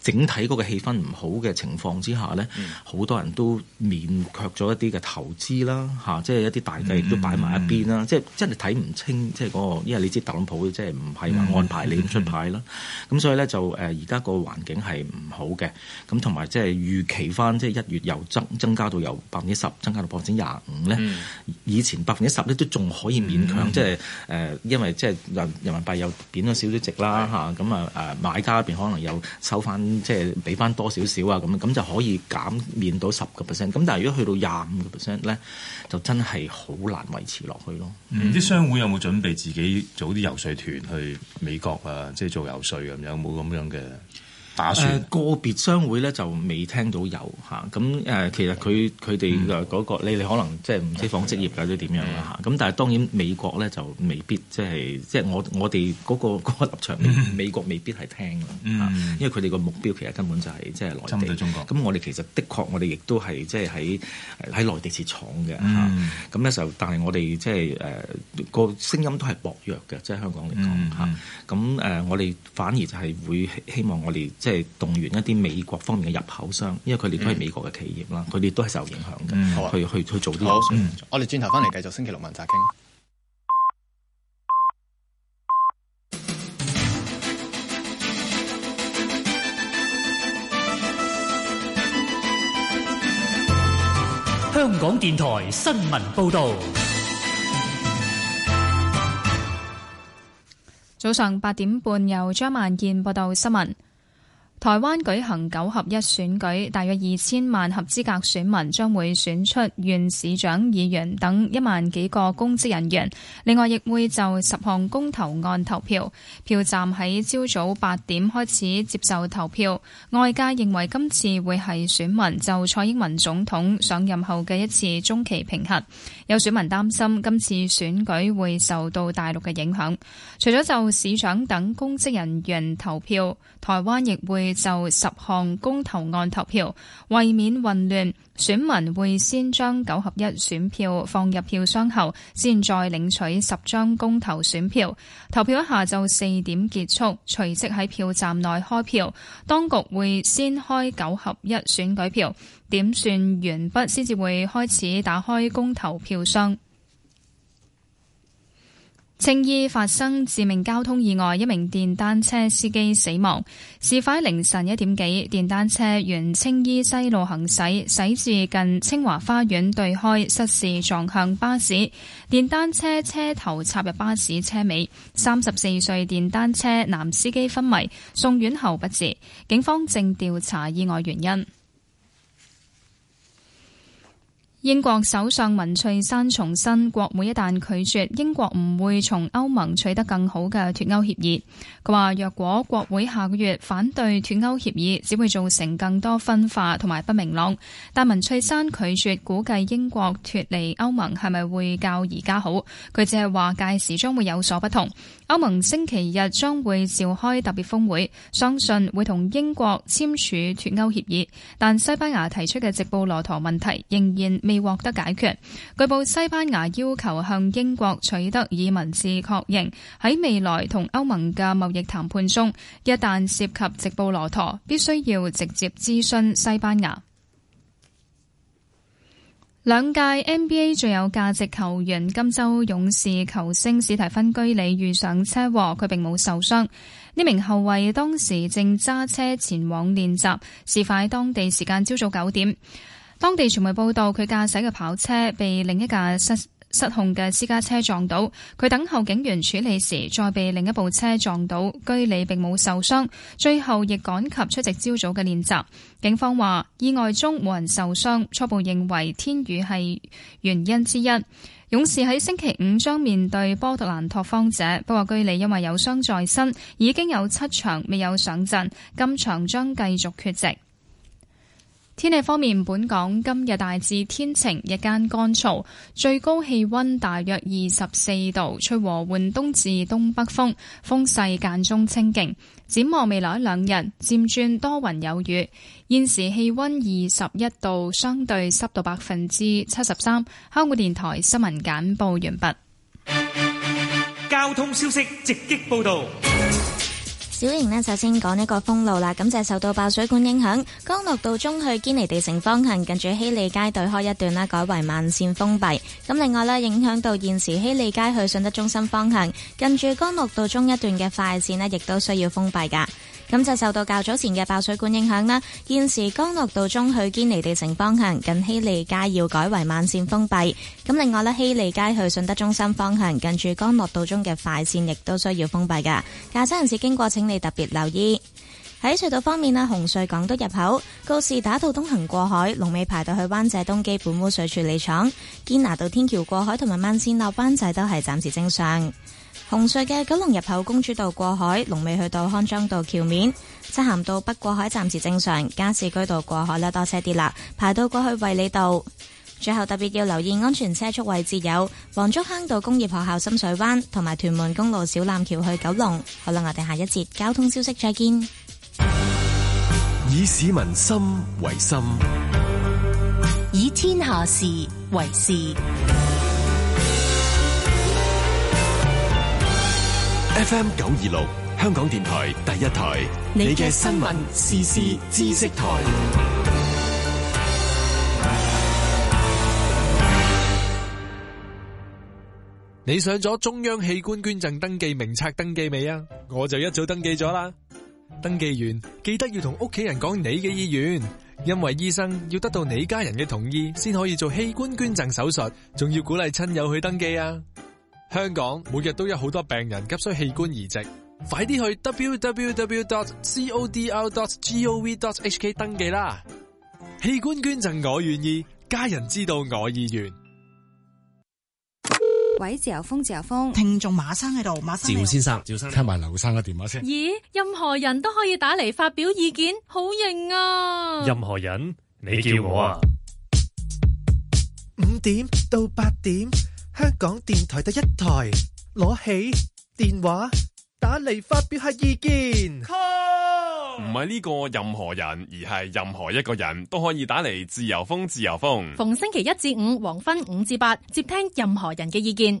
[SPEAKER 6] 整體嗰個氣氛唔好嘅情況之下咧，好、嗯、多人都免卻咗一啲嘅投資啦嚇，即係一啲大計亦都擺埋一邊啦、嗯嗯嗯。即係真係睇唔清，即係嗰、嗰個，因為你知特朗普即係唔係話安排你、嗯、出牌啦，咁、嗯嗯、所以呢就誒而家個環境係唔好嘅，咁同埋即係預期翻，即係一月又增增加到由百分之十增加到百分之廿五咧。以前百分之十咧都仲可以勉強，即係誒，因為即係人人民幣又貶咗少少值啦嚇，咁啊誒買家嗰邊可能又收翻，即係俾翻多少少啊咁，咁就可以減免到十個 percent。咁但係如果去到廿五個 percent 咧，就真係好難維持落去咯。
[SPEAKER 3] 啲、嗯嗯、商會有冇準備自己組啲遊説團去美國啊？即係做
[SPEAKER 6] 遊説咁樣冇？咁樣嘅。打算、呃、個別商會咧就未聽到有咁誒、啊啊、其實佢佢哋嗰個、嗯、你哋可能即係唔知紡織業或者點樣啦咁、嗯、但係當然美國咧就未必即係即係我我哋嗰個立場，美國未必係聽嘅、嗯、因為佢哋個目標其實根本就係、是、即係內地針對中國，咁我哋其實的確我哋亦都係即係喺喺內地設廠嘅咁咧就但係我哋即係誒、呃那個聲音都係薄弱嘅，即係香港嚟講咁誒我哋反而就係會希望我哋。即、就、係、是、動員一啲美國方面嘅入口商，因為佢哋都係美國
[SPEAKER 5] 嘅企業啦，佢、嗯、哋都係受影響嘅、嗯，去去去做啲。好，嗯、我哋轉頭翻嚟繼續星期六問責傾。
[SPEAKER 6] 香港電台新聞報道，
[SPEAKER 2] 早上八點半由張萬燕報道新聞。台灣舉行九合一選舉，大約二千萬合資格選民將會選出縣市長、議員等一萬幾個公職人員。另外，亦會就十項公投案投票。票站喺朝早八點開始接受投票。外界認為今次會係選民就蔡英文總統上任後嘅一次中期評核。有選民擔心今次選舉會受到大陸嘅影響。除咗就市長等公職人員投票。台灣亦會就十項公投案投票，為免混亂，選民會先將九合一選票放入票箱後，先再，再領取十張公投選票。投票喺下晝四點結束，隨即喺票站內開票。當局會先開九合一選舉票，點算完畢先至會開始打開公投票箱。青衣發生致命交通意外，一名電單車司機死亡。事發凌晨一點幾，電單車沿青衣西路行駛，駛至近清華花園對開，失事撞向巴士，電單車車頭插入巴士車尾。三十四歲電單車男司機昏迷，送院後不治。警方正調查意外原因。英國首相文翠珊重申，國會一旦拒絕，英國唔會從歐盟取得更好嘅脱歐協議。佢話若果國會下個月反對脱歐協議，只會造成更多分化同埋不明朗。但文翠珊拒絕，估計英國脱離歐盟係咪會較而家好，佢只係話屆時將會有所不同。歐盟星期日將會召開特別峰會，相信會同英國簽署脱歐協議。但西班牙提出嘅直布羅陀問題仍然未獲得解決。據報西班牙要求向英國取得以文字確認，喺未來同歐盟嘅貿易談判中，一旦涉及直布羅陀，必須要直接諮詢西班牙。兩屆 NBA 最有價值球員金州勇士球星史提芬居里遇上車禍，佢並冇受傷。呢名後衛當時正揸車前往練習，事發當地時間朝早九點。當地傳媒報道，佢駕駛嘅跑車被另一架失失控嘅私家車撞到，佢等候警員處理時，再被另一部車撞到，居里並冇受傷，最後亦趕及出席朝早嘅練習。警方話意外中冇人受傷，初步認為天雨係原因之一。勇士喺星期五將面對波特蘭拓荒者，不過居里因為有傷在身，已經有七場未有上陣，今場將繼續缺席。天氣方面，本港今日大致天晴，日間乾燥，最高氣溫大約二十四度，吹和緩東至東北風，風勢間中清勁。展望未來兩日漸轉多雲有雨。現時氣溫二十一度，相對濕度百分之七十三。香港電台新聞簡報完畢。
[SPEAKER 5] 交通消息直擊報道。
[SPEAKER 4] 小營呢，首先講一個封路啦。咁就受到爆水管影響，干諾道中去堅尼地城方向近住希利街對開一段啦，改為慢線封閉。咁另外咧，影響到現時希利街去信德中心方向近住干諾道中一段嘅快線呢，亦都需要封閉噶。咁就受到較早前嘅爆水管影響啦，現時江樂道中去堅尼地城方向近希利街要改為慢線封閉。咁另外呢，希利街去信德中心方向近住江樂道中嘅快線亦都需要封閉㗎。駕車人士經過，請你特別留意。喺隧道方面呢，紅隧港島入口告士打道東行過海，龍尾排到去灣仔東基本污水處理廠。堅拿道天橋過海同埋慢線落灣仔都係暫時正常。紅隧嘅九龍入口公主道過海龍尾去到康莊道橋面，西行到北過海暫時正常，加士居道過海啦，多車啲啦，排到過去衛理道。最後特別要留意安全車速位置有黃竹坑道工業學校、深水灣同埋屯門公路小欖橋去九龍。好啦，我哋下一節交通消息再見。
[SPEAKER 5] 以市民心為心，
[SPEAKER 4] 以天下事為事。
[SPEAKER 5] FM 九二六，香港電台第一台。你嘅新聞時事知識台。你上咗中央器官捐贈登記名冊登記未啊？我就一早登記咗啦。登記完記得要同屋企人講你嘅意願，因為醫生要得到你家人嘅同意先可以做器官捐贈手術，仲要鼓勵親友去登記啊！香港每日都有好多病人急需器官移植，快啲去 www.codr.gov.hk 登記啦！器官捐贈我願意，家人知道我意願。
[SPEAKER 1] 喂，自由風，自由風，聽眾馬生喺度，馬生。趙先
[SPEAKER 5] 生，趙生，聽埋劉生嘅電話先。
[SPEAKER 1] 咦，任何人都可以打嚟發表意見，好型啊！任
[SPEAKER 5] 何人，你叫我啊，五點到八點。香港電台第一台，攞起電話打嚟，發表下意見，唔係呢個任何人，而係任何一個人都可以打嚟。自由風，自由風，
[SPEAKER 1] 逢星期一至五黃昏五至八接聽任何人嘅意見。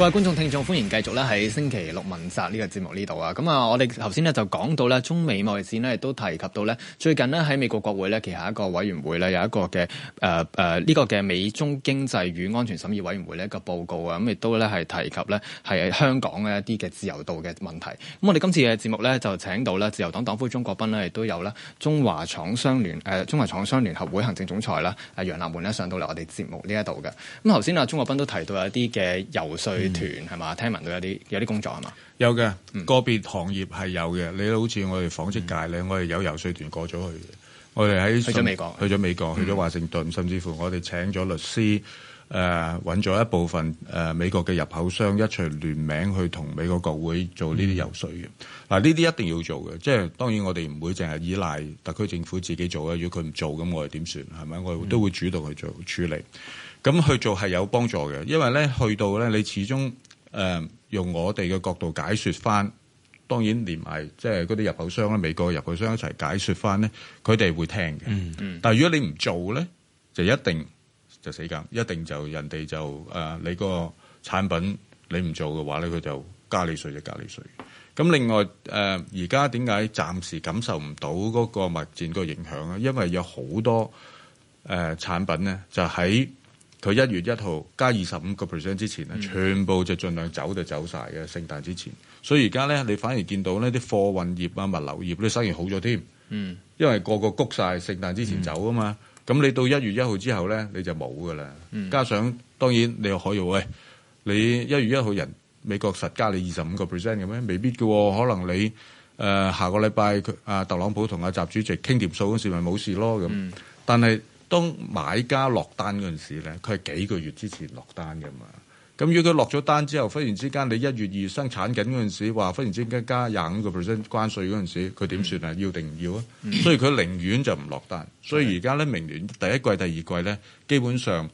[SPEAKER 5] 各位觀眾、聽眾，歡迎繼續咧喺星期六問責呢個節目呢度啊！咁啊，我哋頭先呢就講到咧中美貿易戰呢亦都提及到呢。最近呢，喺美國國會呢，旗下一個委員會呢，有一個嘅誒誒呢個嘅美中經濟與安全審議委員會咧個報告啊，咁亦都咧係提及呢係香港嘅一啲嘅自由度嘅問題。咁我哋今次嘅節目呢，就請到呢自由黨黨魁鍾國斌呢，亦都有咧中華廠商聯誒中華廠商聯合會行政總裁啦，阿楊立門呢，上到嚟我哋節目呢一度嘅。咁頭先啊，鍾國斌都提到有一啲嘅游説。團係嘛，聽聞佢有啲有啲工作係嘛，有嘅個別行業係有嘅、嗯，你好似我哋紡織界咧、嗯，我哋有遊説團過咗去嘅，我哋喺去咗美
[SPEAKER 7] 國，去咗美國，嗯、去咗華盛頓，甚至乎我哋請咗律師，誒、呃，揾咗一部分誒、呃、美國嘅入口商一齊聯名去同美國國會做呢啲遊説嘅。嗱，呢啲一定要做嘅，即係當然我哋唔會淨係依賴特區政府自己做嘅，如果佢唔做，咁我哋點算？係咪？我哋都會主動去做處理。咁去做係有幫助嘅，因為咧去到咧你始終誒、呃、用我哋嘅角度解説翻，當然連埋即係嗰啲入口商啦，美國入口商一齊解説翻咧，佢哋會聽嘅。嗯嗯。但係如果你唔做咧，就一定就死㗎，一定就人哋就誒、呃、你個產品你唔做嘅話咧，佢就加你稅，就加你稅。咁另外誒而家點解暫時感受唔到嗰個物戰個影響咧？因為有好多誒、呃、產品咧就喺。佢一月一號加二十五個 percent 之前咧、嗯，全部就儘量走就走晒嘅，聖誕之前。所以而家咧，你反而見到呢啲貨運業啊、物流業都生意好咗添。嗯，因為個個谷晒聖誕之前走啊嘛，咁、嗯、你到一月一號之後咧，你就冇噶啦。加上當然你又可以喂，你一月一號人美國實加你二十五個 percent 嘅咩？未必嘅、哦，可能你誒、呃、下個禮拜佢啊特朗普同阿習主席傾掂數嗰時咪冇事咯咁、嗯。但係。當買家落單嗰陣時咧，佢係幾個月之前落單嘅嘛。咁如果佢落咗單之後，忽然之間你一月二月生產緊嗰陣時，話忽然之間加廿五個 percent 關稅嗰陣時，佢點算啊？要定唔要啊？所以佢寧願就唔落單。所以而家咧，明年第一季、第二季咧，基本上。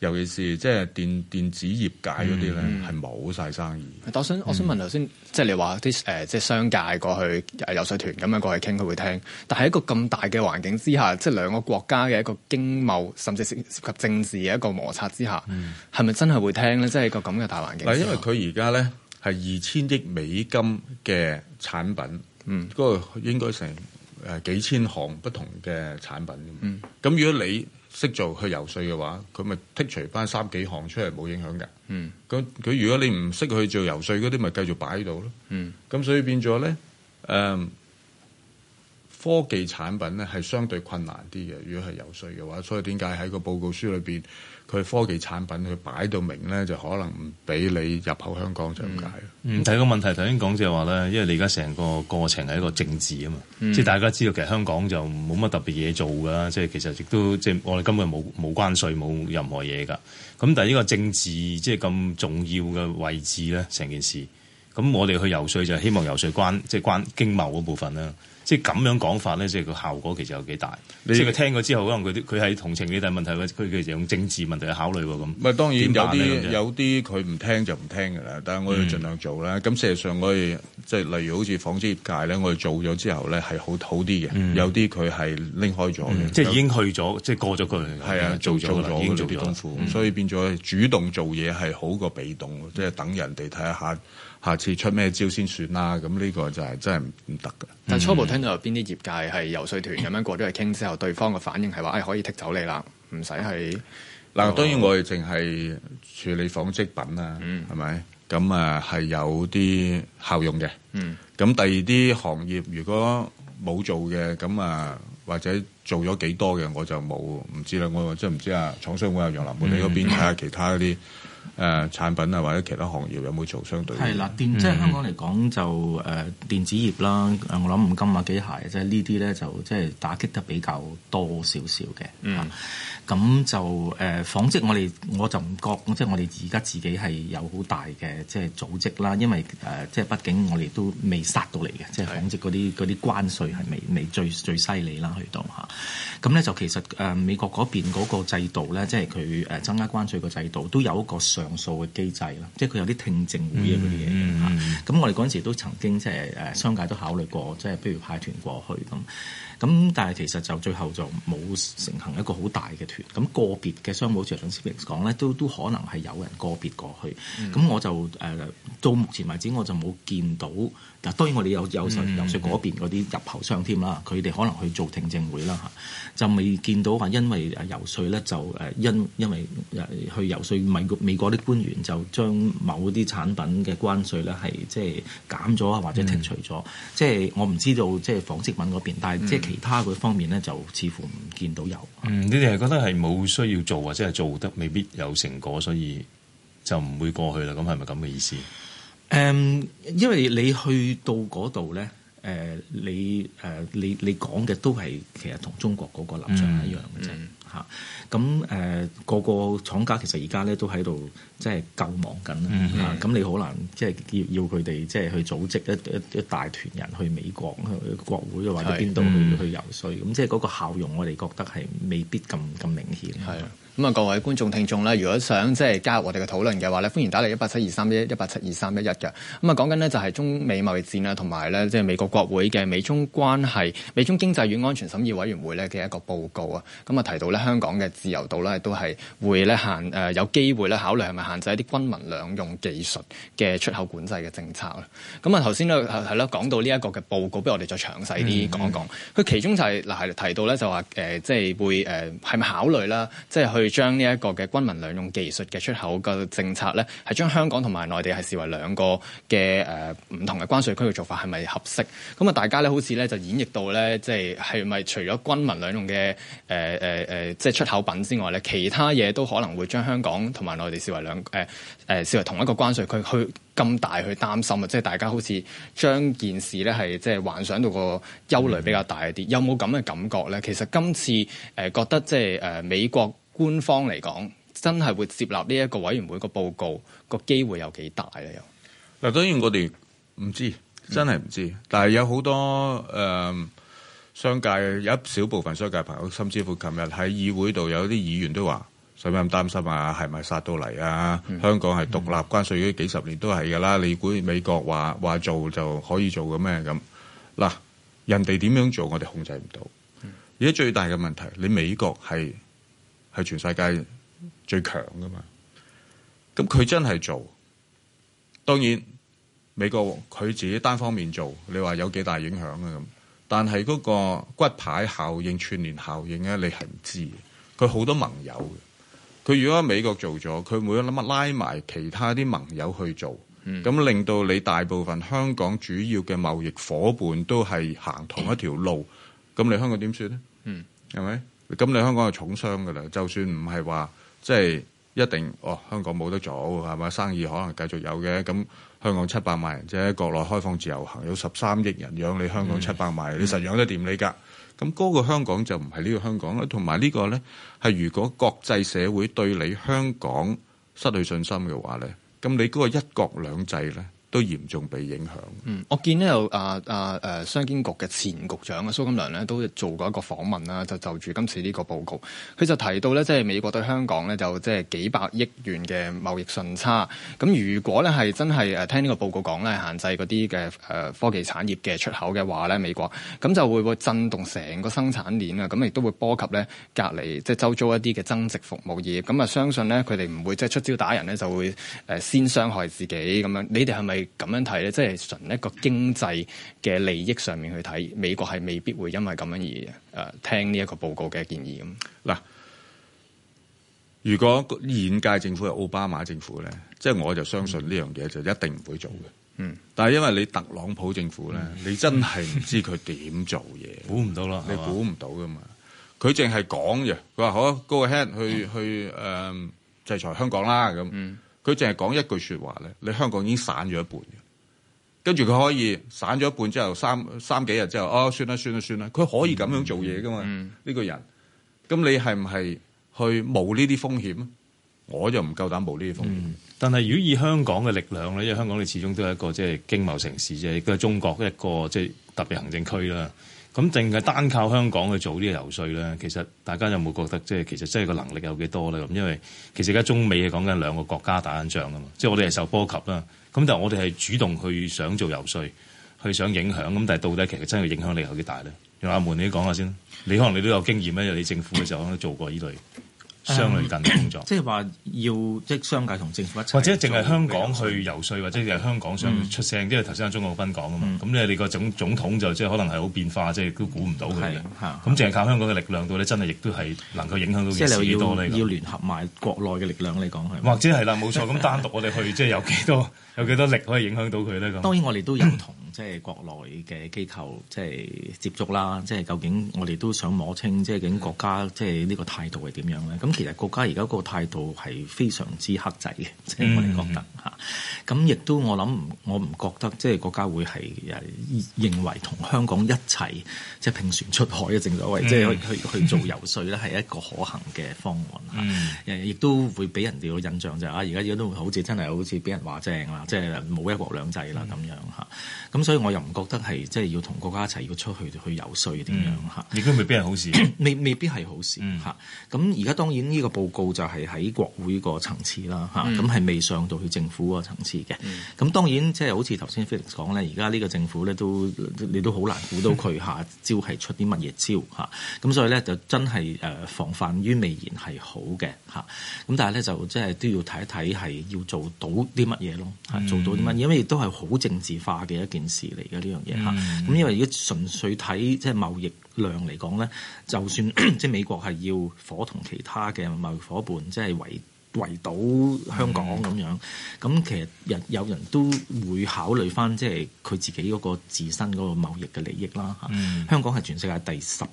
[SPEAKER 7] 尤其是即係電
[SPEAKER 5] 電子業界嗰啲咧，係冇晒生意。我、嗯、想我想問頭先，即、嗯、係你話啲誒，即係商界過去遊遊水團咁樣過去傾，佢會聽。但係一個咁大嘅環境之下，即係兩個國家嘅一個經貿，甚至涉涉及政治嘅一個摩擦之下，係、嗯、咪真係會聽咧？即、就、係、是、個咁嘅大環境。嗱，因為
[SPEAKER 7] 佢而家咧係二千億美金嘅產品，嗯，嗰、那個應該成誒幾千項不同嘅產品。嗯，咁如果你識做去游説嘅話，佢咪剔除返三幾行出嚟冇影響㗎。咁、嗯、佢如果你唔識去做游説嗰啲，咪繼續擺喺度咯。咁、嗯、所以變咗咧，誒、嗯。科技產品咧係相對困難啲嘅，如果係游説嘅話，所以點解喺個報告書裏邊，佢科技產品去擺到
[SPEAKER 3] 明咧，就可能唔俾你入口香港就咁解。嗯，第一個問題頭先講就係話咧，因為你而家成個過程係一個政治啊嘛，即係、嗯、大家知道其實香港就冇乜特別嘢做噶，即係其實亦都即係我哋根本冇冇關稅冇任何嘢噶。咁但係呢個政治即係咁重要嘅位置咧，成件事咁我哋去游説就希望游説關即係關經貿嗰部分啦。即係咁樣講法咧，即係個效果其實有幾大？你即係佢聽過之後，可能佢佢喺同情你，但係問題佢其實用政治問題去考慮喎咁。當當然有啲有
[SPEAKER 7] 啲佢唔聽就唔聽㗎啦，但係我要盡量做啦。咁、嗯、事實上我哋即係例如好似紡織業界咧，我哋做咗之後咧係好好啲嘅、嗯。有啲佢係拎開咗嘅、嗯，即係已經去咗，即係過咗去。係啊，做咗，已經做啲功夫，所以變咗主動做嘢係好過被動，嗯、即係等人哋睇下。下次出咩招先算啦，啊，咁呢個就係真係唔得噶。
[SPEAKER 5] 嗯、但初步聽到有邊啲業界係遊說團咁樣過咗嚟傾之後， 對方嘅反應係話，哎，可以剔走你啦，唔使係嗱，當然我哋淨係處
[SPEAKER 7] 理紡織品啊，係、嗯、咪？咁啊係有啲效用嘅。咁第二啲行業如果冇做嘅，咁啊或者做咗幾多嘅，我就冇唔知啦。我真係唔知啊。廠商會楊立門，我哋嗰邊睇下、嗯、其他啲。
[SPEAKER 6] 誒、呃、產品啊，或者其他行業有冇做？相對係啦，電即係香港嚟講、嗯、就誒、呃、電子業啦。誒我諗五金啊、機械啫，就是、呢啲咧就即係、就是、打擊得比較多少少嘅。嗯。咁就誒、呃、紡織我哋，我就唔覺，即係我哋而家自己係有好大嘅，即係組織啦。因為誒、呃、即係畢竟我哋都未殺到嚟嘅，即係紡織嗰啲嗰啲關稅係未未最最犀利啦，去到吓，咁、啊、咧就其實誒、呃、美國嗰邊嗰個制度咧，即係佢誒增加關稅個制度，都有一個上訴嘅機制啦，即係佢有啲聽證會、嗯、啊嗰啲嘢嘅，咁我哋嗰陣時都曾經即係誒商界都考慮過，即係不如派團過去咁。咁但係其實就最後就冇成行一個好大嘅咁個別嘅商務正如陳思平講咧，都都可能係有人個別過去。咁、嗯、我就誒，到目前為止，我就冇見到。嗱，當然我哋有有遊説嗰邊嗰啲入口商添啦，佢、mm、哋 -hmm. 可能去做聽證會啦，就未見到話因為誒遊説呢，咧就因因為去遊説美國美國啲官員就將某啲產品嘅關稅咧係即係減咗或者剔除咗、mm -hmm.，即係我唔知道即係紡織品嗰邊，但係即係其他嗰方面咧就似乎唔見到有。Mm
[SPEAKER 3] -hmm. 嗯、你哋係覺得係冇需要做或者係做得未必有成果，所以
[SPEAKER 6] 就唔會過去啦。咁係咪咁嘅意思？誒、嗯，因為你去到嗰度咧，誒、呃，你誒、呃，你你講嘅都係其實同中國嗰個立場係一樣嘅啫，嚇、嗯。咁、嗯、誒，個、啊呃、個廠家其實而家咧都喺度即係救忙緊啦。咁、嗯啊、你好難即係要要佢哋即係去組織一一、嗯、一
[SPEAKER 5] 大團人去美國去國會或者邊度去去遊說，咁即係嗰個效用我哋覺得係未必咁咁明顯嘅。咁啊，各位觀眾、聽眾咧，如果想即係加入我哋嘅討論嘅話咧，歡迎打嚟一八七二三一一一八七二三一一嘅。咁啊，講緊呢就係中美貿易戰啊，同埋咧即係美國國會嘅美中關係、美中經濟與安全審議委員會咧嘅一個報告啊。咁啊，提到咧香港嘅自由度咧，都係會咧限誒有機會咧考慮係咪限制一啲軍民兩用技術嘅出口管制嘅政策啊。咁啊，頭先咧係啦講到呢一個嘅報告，不如我哋再詳細啲講一講。佢、嗯嗯、其中就係嗱係提到咧就話誒，即係會誒係咪考慮啦，即係去。將呢一個嘅軍民兩用技術嘅出口嘅政策咧，係將香港同埋內地係視為兩個嘅誒唔同嘅關稅區嘅做法，係咪合適？咁、嗯、啊，大家咧好似咧就演繹到咧，即係係咪除咗軍民兩用嘅誒誒誒，即係出口品之外咧，其他嘢都可能會將香港同埋內地視為兩誒誒、呃呃、視為同一個關稅區去咁大去擔心啊？即係大家好似將件事咧係即係幻想到個憂慮比較大一啲、嗯，有冇咁嘅感覺咧？其實今次誒覺得即係誒美國官方嚟講，真係會接納呢一個委員會個報告個機會有幾大咧？又
[SPEAKER 7] 嗱，當然我哋唔知，真係唔知、嗯。但係有好多誒、嗯，商界有一小部分商界朋友，甚至乎琴日喺議會度有啲議員都話，使咩咁擔心啊，係咪殺到嚟啊、嗯？香港係獨立關稅幾十年都係噶啦。你估美國話話做就可以做嘅咩咁嗱？人哋點樣做，我哋控制唔到。而、嗯、家最大嘅問題，你美國係。係全世界最強噶嘛？咁佢真係做，當然美國佢自己單方面做，你話有幾大影響啊？咁，但係嗰個骨牌效應、串聯效應咧，你係唔知。佢好多盟友，佢如果美國做咗，佢每諗乜拉埋其他啲盟友去做，咁令到你大部分香港主要嘅貿易伙伴都係行同一條路，咁你香港點算呢？嗯，係咪？咁你香港係重傷㗎啦，就算唔係話即係一定哦，香港冇得做係嘛？生意可能繼續有嘅咁，香港七百萬人啫，國內開放自由行有十三億人養你香港七百萬人、嗯，你實養得掂你㗎。咁、嗯、嗰個香港就唔係呢個香港啦，同埋呢個呢，係如果國際社會對你香港失去信
[SPEAKER 5] 心嘅話呢，咁你嗰個一國兩制呢，都嚴重被影響。嗯，我見呢，有啊啊誒、啊、商經局嘅前局長啊蘇錦樑咧都做過一個訪問啦，就就住今次呢個報告，佢就提到咧，即係美國對香港呢，就即係幾百億元嘅貿易順差。咁如果呢係真係誒聽呢個報告講咧，限制嗰啲嘅誒科技產業嘅出口嘅話咧，美國咁就會會震動成個生產鏈啊。咁亦都會波及咧隔離即係周遭一啲嘅增值服務業。咁啊相信呢，佢哋唔會即係出招打人呢，就會誒先傷害自己咁樣。你哋係咪？咁樣睇咧，即係純一個經濟嘅利益上面去睇，美國係未必會因為咁樣而誒聽呢一個報告嘅建議咁。嗱，如果現屆政府係奧巴馬政
[SPEAKER 7] 府咧，即係我就相信呢樣嘢就一定唔會做嘅。嗯，但係因為你特朗普政府咧、嗯，你真係唔知佢點做嘢，估 唔到啦，你估唔到噶嘛？佢淨係講嘅，佢話好，go ahead 去、嗯、去誒、呃、制裁香港啦咁。佢淨係講一句説話咧，你香港已經散咗一半嘅。跟住佢可以散咗一半之後三三幾日之後，哦，算啦算啦算啦，佢可以咁樣做嘢噶嘛？呢、嗯呢個人，
[SPEAKER 3] 咁你係唔係去冒呢啲風險？我就唔夠膽冒呢啲風險。嗯、但係如果以香港嘅力量咧，因為香港你始終都係一個即係經貿城市啫，亦都係中國一個即係特別行政區啦。咁淨係單靠香港去做呢個游説咧？其實大家有冇覺得即係其實真係個能力有幾多咧？咁因為其實而家中美係講緊兩個國家打緊仗啊嘛，即係我哋係受波及啦。咁但係我哋係主動去想做游説，去想影響。咁但係到底其實真係影響力有幾大咧？楊阿門，你講下先。你可能你都有經驗咧，你政府嘅時候都做過呢類相類近嘅工作， 即係話要即係商界同政府一齊，或者淨係香港去游說，或者係香港商出、嗯、出聲。因為頭先阿鍾國斌講啊嘛，咁、嗯、即你個總總統就即係可能係好變化，即係都估唔到佢嘅。咁淨係靠香港嘅力量到咧，真係亦都係能夠影響到件事多咧？你要要
[SPEAKER 6] 聯合埋國內嘅力量嚟講，係或者係啦，冇錯。咁單獨我哋去，即 係有
[SPEAKER 3] 幾多有幾多力可以影響到佢咧？咁當然
[SPEAKER 6] 我哋都有同、嗯。即係國內嘅機構，即係接觸啦。即係究竟我哋都想摸清，即係究竟國家即係呢個態度係點樣咧？咁其實國家而家個態度係非常之克制嘅、mm -hmm. mm -hmm.，即係我哋覺得咁亦都我諗，我唔覺得即係國家會係認為同香港一齊即係拼船出海嘅，正所謂、mm -hmm. 即係去去做游説咧，係一個可行嘅方案亦、mm -hmm. 都會俾人哋個印象就係、是、啊，而家而家都好似真係好似俾人話正啦，mm -hmm. 即係冇一國兩制啦咁、mm -hmm. 樣咁所以我又唔覺得係即係要同國家一齊要出去去遊說點、嗯、樣嚇？亦都未必係好事， 未未必係好事嚇。咁而家當然呢個報告就係喺國會個層次啦嚇，咁、嗯、係未上到去政府個層次嘅。咁、嗯、當然即係、就是、好似頭先菲力斯講咧，而家呢個政府咧都你都好難估到佢下招係出啲乜嘢招嚇。咁 所以咧就真係誒防範於未然係好嘅嚇。咁但係咧就即係都要睇一睇係要做到啲乜嘢咯嚇，做到啲乜嘢，因為都係好政治化嘅一件事。事嚟嘅呢樣嘢吓，咁因為如果純粹睇即係貿易量嚟講咧，就算即係美國係要夥同其他嘅貿易夥伴，即係圍圍堵香港咁樣，咁、嗯、其實人有人都會考慮翻即係佢自己嗰個自身嗰個貿易嘅利益啦吓、嗯，香港係全世界第十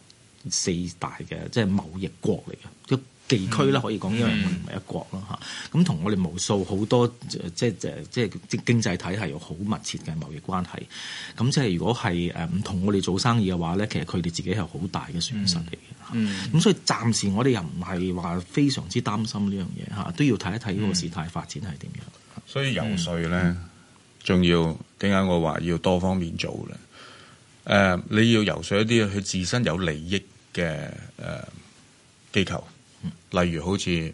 [SPEAKER 6] 四大嘅即係貿易國嚟嘅。地區啦，可以講，因為唔係一國咯嚇。咁、嗯、同我哋無數好多，即係即係即係經濟體係有好密切嘅貿易關係。咁即係如果係誒唔同我哋做生意嘅話咧，其實佢哋自己係好大嘅損失嚟嘅。咁、嗯、所以暫時我哋又唔係話非常之擔心呢樣嘢嚇，都要睇一睇嗰個事態發展係點樣。
[SPEAKER 7] 所以遊説咧，仲、嗯、要點解我話要多方面做咧？誒、呃，你要遊説一啲佢自身有利益嘅誒、呃、機構。例如好似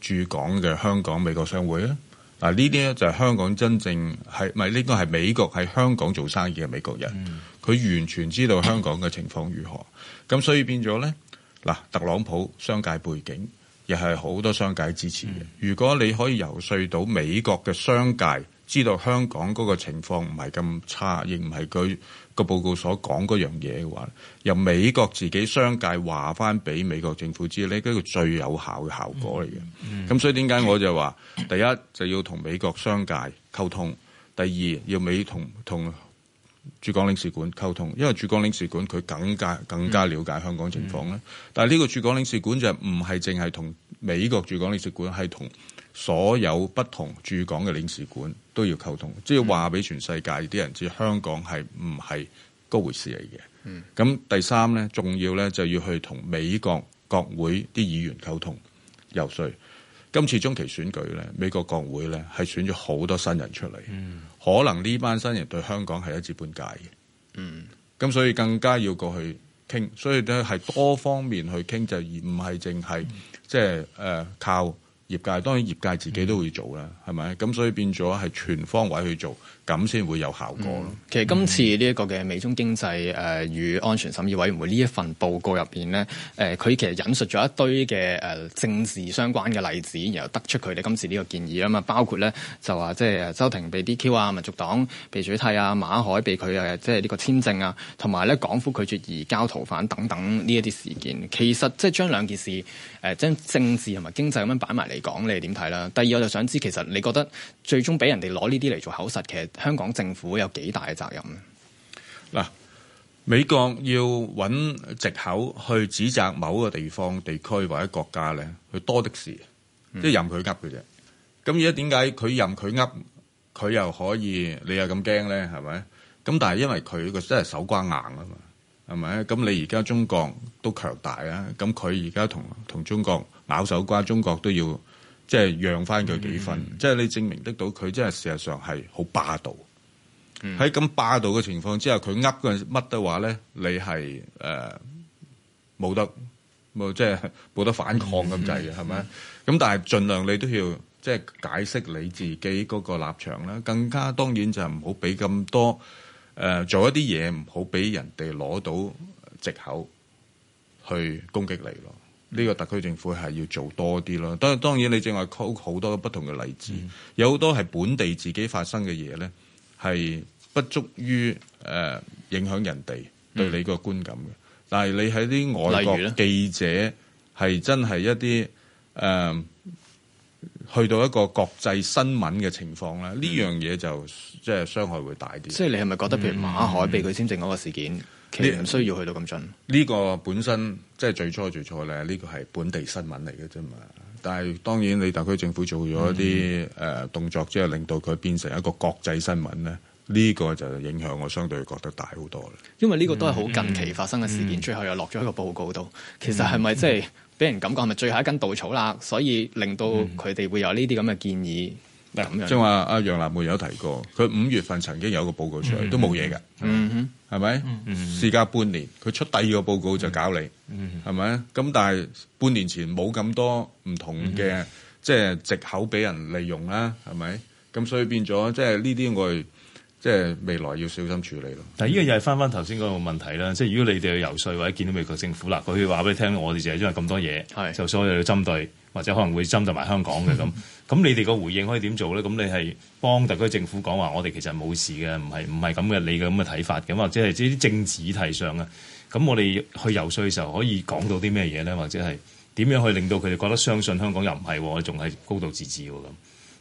[SPEAKER 7] 駐港嘅香港美國商會咧，嗱呢啲咧就係香港真正係咪呢個係美國喺香港做生意嘅美國人，佢完全知道香港嘅情況如何，咁所以變咗咧嗱，特朗普商界背景亦係好多商界支持嘅，如果你可以游說到美國嘅商界。知道香港嗰個情況唔係咁差，亦唔係佢個報告所講嗰樣嘢嘅話，由美國自己商界話翻俾美國政府知，呢啲最有效嘅效果嚟嘅。咁、嗯嗯、所以點解我就話，第一就要同美國商界溝通，第二要美同同駐港領事館溝通，因為駐港領事館佢更加更加了解香港情況咧、嗯嗯。但係呢個駐港領事館就唔係淨係同美國駐港領事館，係同所有不同駐港嘅領事館。都要溝通，即係話俾全世界啲人知、嗯、香港係唔係嗰回事嚟嘅。咁、嗯、第三呢，仲要呢，就要去同美國國會啲議員溝通遊説。今次中期選舉呢，美國國會呢係選咗好多新人出嚟、嗯，可能呢班新人對香港係一知半解嘅。咁、嗯、所以更加要過去傾，所以呢係多方面去傾，就而唔係淨係即係靠。業界當然業界自己都會做啦，係、
[SPEAKER 5] 嗯、咪？咁所以變咗係全方位去做。咁先會有效果咯、嗯。其實今次呢一個嘅美中經濟誒、呃、與安全審議委員會呢一份報告入面，咧、呃，誒佢其實引述咗一堆嘅誒、呃、政治相關嘅例子，然後得出佢哋今次呢個建議啊嘛。包括咧就話即係周庭被 DQ 啊，民族黨被取替啊，馬海被佢誒即係呢個簽證啊，同埋咧港府拒絕移交逃犯等等呢一啲事件。其實即係將兩件事誒將、呃、政治同埋經濟咁樣擺埋嚟講，你係點睇啦？第二我就想知，其實你覺得最終俾人哋攞呢啲嚟做口實，其實？香港政府有幾大嘅責任咧？嗱，
[SPEAKER 7] 美國要揾藉口
[SPEAKER 5] 去指責某一個地
[SPEAKER 7] 方、地區或者國家咧，佢多的是、嗯，即係任佢噏嘅啫。咁而家點解佢任佢噏，佢又可以你又咁驚咧？係咪？咁但係因為佢個真係手瓜硬啊嘛，係咪？咁你而家中國都強大啊，咁佢而家同同中國咬手瓜，中國都要。即、就、係、是、讓翻佢幾分，即、嗯、係、嗯就是、你證明得到佢真係事實上係好霸道。喺、嗯、咁霸道嘅情況之下，佢呃嘅乜都話咧，你係誒冇得冇即係冇得反抗咁滯嘅，係、嗯、咪？咁 但係盡量你都要即係、就是、解釋你自己嗰個立場啦。更加當然就唔好俾咁多誒、呃、做一啲嘢，唔好俾人哋攞到借口去攻擊你咯。呢、這個特區政府係要做多啲咯，當然當然你正話舉好多不同嘅例子，嗯、有好多係本地自己發生嘅嘢咧，係不足於誒影響人哋對你個觀感嘅、嗯。但係你喺啲外國記者係真係一啲誒、嗯，去到一個國際新聞嘅情況咧，呢、嗯、樣嘢就即係傷害會大啲。即、嗯、係你係咪覺得譬如馬海被佢簽證嗰個事件？嗯嗯其實唔需要去到咁盡呢個本身即係最初最初咧，呢、這個係本地新聞嚟嘅啫嘛。但係當然你特區政府做咗一啲誒、嗯呃、動作之後，即係令到佢變成一個國際新聞咧，呢、這個就影響我相對覺得大
[SPEAKER 5] 好多啦。因為呢個都係好近期發生嘅事件、嗯，最後又落咗一個報告度，其實係咪即係俾人感覺係咪最後一根稻草啦？所以令到佢哋會有呢啲咁嘅建議。即係話
[SPEAKER 7] 阿楊立門有提過，佢五月份
[SPEAKER 5] 曾經有個報告出嚟、嗯，都冇嘢嘅，
[SPEAKER 7] 係、嗯、咪？事隔、嗯、半年，佢出第二個報告就搞你，係、嗯、咪？咁、嗯、但係半年前冇咁多唔同嘅，即、嗯、係、就是、藉口俾人利用啦，
[SPEAKER 3] 係咪？咁所以變咗，即係呢啲我即係、就是、未來要小心處理咯、嗯。但呢依個又係翻翻頭先嗰個問題啦，即、嗯、係如果你哋去游說或者見到美國政府啦，佢話俾你聽，我哋就係因為咁多嘢，就所以要針對。或者可能會針對埋香港嘅，咁，咁 你哋個回應可以點做咧？咁你係幫特區政府講話，我哋其實冇事嘅，唔係唔係咁嘅，你嘅咁嘅睇法嘅，或者係即啲政治議題上啊，咁我哋去游說嘅時候可以講到啲咩嘢咧？或者係點樣去令到佢哋覺得相信香港又唔係，仲係高度自治喎咁，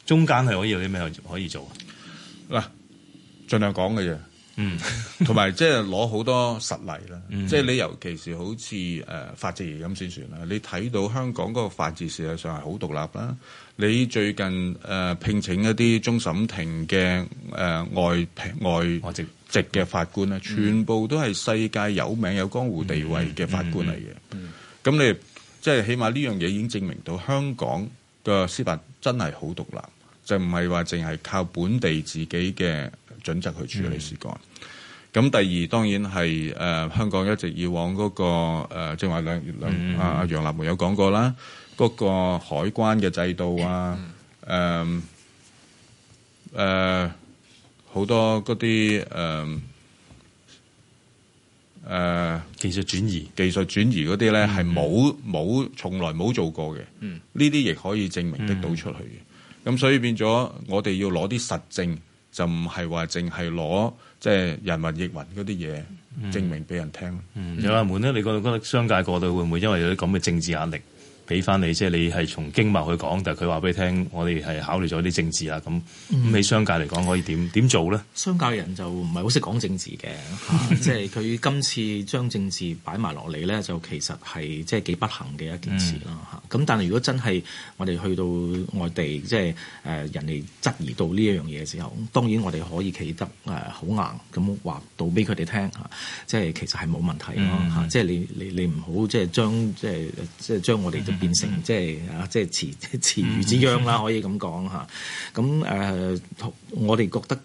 [SPEAKER 3] 中間係可以有啲咩可以做啊？嗱，儘量講嘅啫。嗯，同
[SPEAKER 7] 埋即係攞好多實例啦。即 係你，尤其是好似誒、呃、法治嘢咁先算啦。你睇到香港嗰個法治，事實上係好獨立啦。你最近誒、呃、聘請一啲終審庭嘅誒、呃、外外籍嘅法官咧，全部都係世界有名有江湖地位嘅法官嚟嘅。咁 你即係、就是、起碼呢樣嘢已經證明到香港嘅司法真係好獨立，就唔係話淨係靠本地自己嘅。準則去處理事幹。咁第二當然係誒、呃、香港一直以往嗰、那個誒，即係話兩,兩啊，楊立門有講過啦，嗰、嗯、個海關嘅制度啊，誒誒好多嗰啲誒誒技術轉移、技術轉移嗰啲呢係冇冇從來冇做過嘅。嗯，呢啲亦可以證明得到出去嘅。咁、嗯、所以變咗，我哋要攞啲實證。就唔係話淨係攞即係人云亦云嗰啲嘢證明俾人聽，嗯。嗯、有冇
[SPEAKER 3] 門咧？你覺得覺得商界過度會唔會因為有啲咁嘅政治壓力？俾翻你，即係你係從經貿去講，但係佢話俾你聽，我哋係考慮咗啲政治啦。咁咁喺
[SPEAKER 6] 商界嚟講，可以點點做咧？商界人就唔係好識講政治嘅，即係佢今次將政治擺埋落嚟咧，就其實係即係幾不幸嘅一件事啦。咁、嗯啊、但係如果真係我哋去到外地，即、就、係、是呃、人哋質疑到呢一樣嘢嘅時候，當然我哋可以企得好、呃、硬，咁話到俾佢哋聽，即係其實係冇問題咯。即係你你你唔好即係將即係即係將我哋、嗯。嗯變成即係啊，即係池魚之殃啦，可以咁講嚇。咁 誒、呃，我哋覺得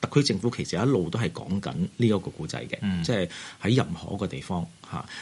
[SPEAKER 6] 特區政府其實一路都係講緊呢一個古仔嘅，即係喺任何一個地方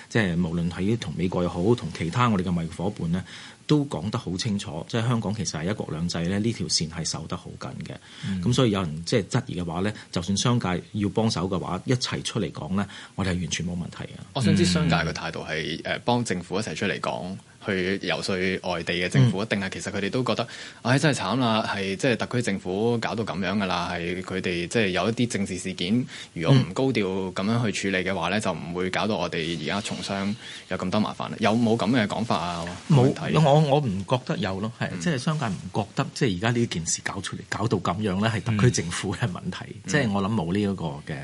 [SPEAKER 6] 即係、就是、無論喺同美國又好，同其他我哋嘅貿易伙伴咧，都講得好清楚。即、就、係、是、香港其實係一國兩制咧，呢條線係守得好緊嘅。咁、嗯、所以有人即係質疑嘅話咧，就算商界要幫手嘅話，一齊出嚟講咧，我哋係完全冇問題嘅。我想知商界嘅
[SPEAKER 5] 態度係誒、呃、幫政府一齊出嚟講。去游說外地嘅政府，一定係其實佢哋都覺得，唉、哎、真係慘啦，係即係特區政府搞到咁樣㗎啦，係佢哋即係有一啲政治事件，如果唔高調咁樣去處理嘅話咧、嗯，就唔會搞到我哋而家從商有咁多麻煩啦。有冇咁嘅講法啊？冇，我我唔覺得有咯，係即係商界唔覺得，即係而家呢件事
[SPEAKER 6] 搞出嚟，搞到咁樣咧，係特區政府嘅問題。即、嗯、係、即係、我諗冇呢一個嘅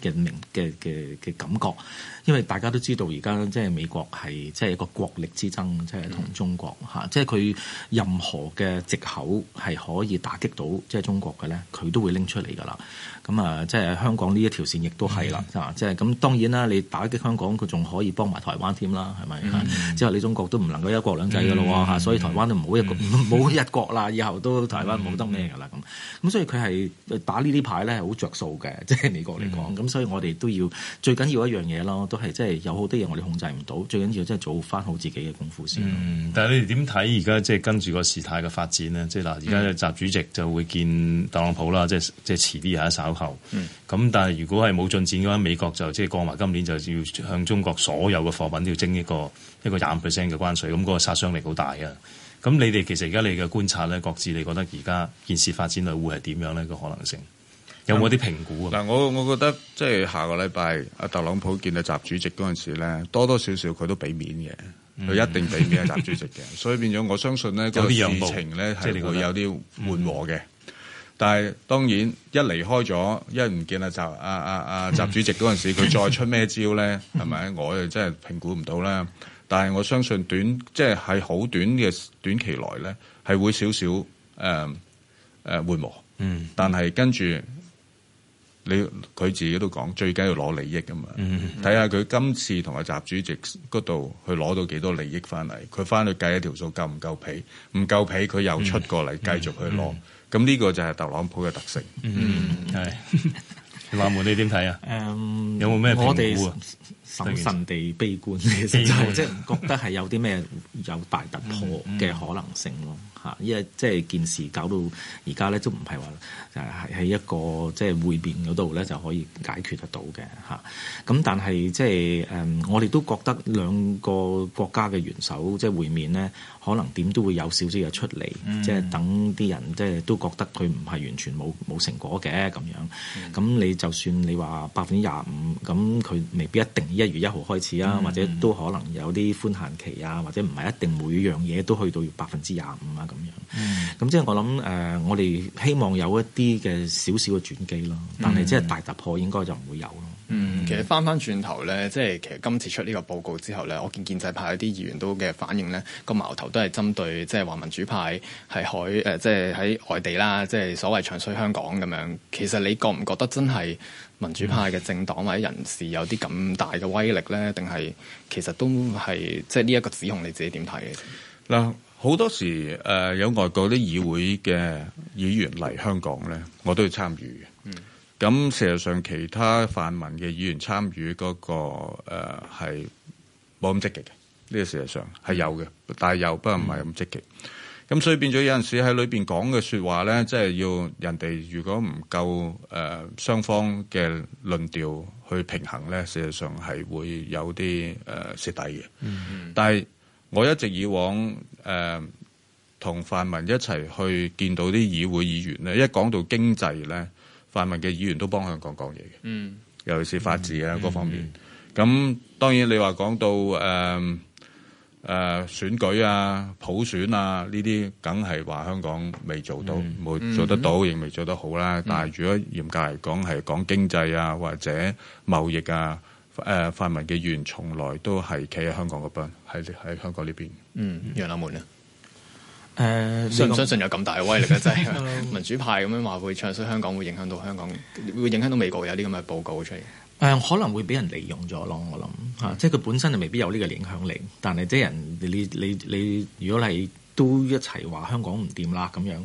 [SPEAKER 6] 嘅嘅嘅嘅感覺，因為大家都知道而家即係美國係即係一個國力之爭。即係同中國吓，即係佢任何嘅借口係可以打擊到，即係中國嘅咧，佢都會拎出嚟㗎啦。咁啊，即係香港呢一條線亦都係啦，即係咁當然啦，你打擊香港佢仲可以幫埋台灣添啦，係咪、嗯？之後你中國都唔能夠一國兩制噶咯喎，所以台灣都唔一冇一國啦、嗯，以後都台灣冇得咩㗎啦咁。咁、嗯、所以佢係打呢啲牌咧係好着數嘅，即係美國嚟講。咁、嗯、所以我哋都要最緊要一樣嘢咯，都係即係有好多嘢我哋控制唔到，最緊要即係做翻好自己
[SPEAKER 3] 嘅功夫先。嗯、但係你哋點睇而家即係跟住個事態嘅發展呢？即係嗱，而家習主席就會見特朗普啦，即係即係遲啲下手。後、嗯，咁但係如果係冇進展嘅話，美國就即係過埋今年就要向中國所有嘅貨品都要徵一個一個廿五 percent 嘅關稅，咁、那、嗰個殺傷力好大啊！咁你哋其實而家你嘅觀察咧，各自你覺得而家件事發展咧會係點樣咧？個可能性有冇啲評估啊？嗱、啊，
[SPEAKER 7] 我我覺得即係下個禮拜阿特朗普見到習主席嗰陣時咧，多多少少佢都俾面嘅，佢、嗯、一定俾面阿習 主席嘅，所以變咗我相信咧嗰個事情咧係會有啲緩和嘅。嗯但係當然一離開咗一唔見阿習啊啊啊習主席嗰陣時，佢再出咩招咧？係 咪我誒真係評估唔到啦？但係我相信短即係喺好短嘅短期內咧，係會少少誒誒緩和。嗯。但係跟住你佢自己都講，最緊要攞利益啊嘛。睇下佢今次同阿習主席嗰度去攞到幾多利益翻嚟，佢翻去計一條數夠唔夠皮？唔夠皮，佢又出過嚟繼續去攞。嗯嗯嗯
[SPEAKER 3] 咁呢個就係特朗普嘅特性。嗯，係、嗯。立門你點睇啊？誒、
[SPEAKER 6] 嗯，有冇咩？我哋審慎地悲觀嘅，就即、是、係唔覺得係有啲咩有大突破嘅可能性咯。嗯嗯嗯吓，因為即係件事搞到而家咧，都唔係話誒喺一個即係會面度咧就可以解決得到嘅，吓，咁但係即係誒我哋都覺得兩個國家嘅元首即係、就是、會面咧，可能點都會有少少嘢出嚟，即係等啲人即係都覺得佢唔係完全冇冇成果嘅咁樣，咁你就算你話百分之廿五，咁佢未必一定一月一號開始啊，mm. 或者都可能有啲寬限期啊，或者唔係一定每樣嘢都去到百分之廿五啊。咁、嗯、樣，咁即係我諗，誒、呃，我哋
[SPEAKER 5] 希望有一啲嘅少少嘅轉機咯，但係即係大突破應該就唔會有咯、嗯。嗯，其實翻翻轉頭咧，即係其實今次出呢個報告之後咧，我見建制派一啲議員都嘅反應咧，個矛頭都係針對即係話民主派係喺誒，即係喺外地啦，即、就、係、是、所謂唱衰香港咁樣。其實你覺唔覺得真係民主派嘅政黨或者人士有啲咁大嘅威力咧？定、嗯、係其實都係即係呢一個指控，你自己點睇嘅？嗱、嗯。好
[SPEAKER 7] 多時誒、呃、有外國啲議會嘅議員嚟香港咧，我都要參與嘅。咁事，那個呃這個、事實上，其他泛民嘅議員參與嗰個誒係冇咁積極嘅。呢個事實上係有嘅，但係又不過唔係咁積極。咁、嗯、所以變咗有陣時喺裏邊講嘅説話咧，即、就、係、是、要人哋如果唔夠誒、呃、雙方嘅論調去平衡咧，事實上係會有啲誒蝕底嘅、嗯嗯。但係。我一直以往誒同、呃、泛民一齊去見到啲議會議員，咧，一講到經濟咧，泛民嘅議員都幫香港講嘢嘅。嗯，尤其是法治啊各、嗯、方面。咁、嗯嗯、當然你話講到誒誒、呃呃、選舉啊、普選啊呢啲，梗係話香港未做到，冇、嗯、做得到，亦、嗯、未做得好啦、嗯。但係如果嚴格嚟講，係講經濟啊或者貿易啊。誒、呃，泛民嘅員從來都係企喺香港嗰邊，喺喺香港
[SPEAKER 5] 呢邊。嗯，楊立門咧，
[SPEAKER 6] 誒、呃，
[SPEAKER 5] 信唔相信有咁大嘅威力咧？即、呃、係民主派咁樣話會唱衰香港，會影響到香港，會影響到美國有啲咁嘅報告出嚟。誒、呃，可能會俾人利用咗咯。我諗嚇、嗯，即係佢本身就未必有呢個影響力，但係啲人
[SPEAKER 6] 你你你，如果你都一齊話香港唔掂啦，咁樣。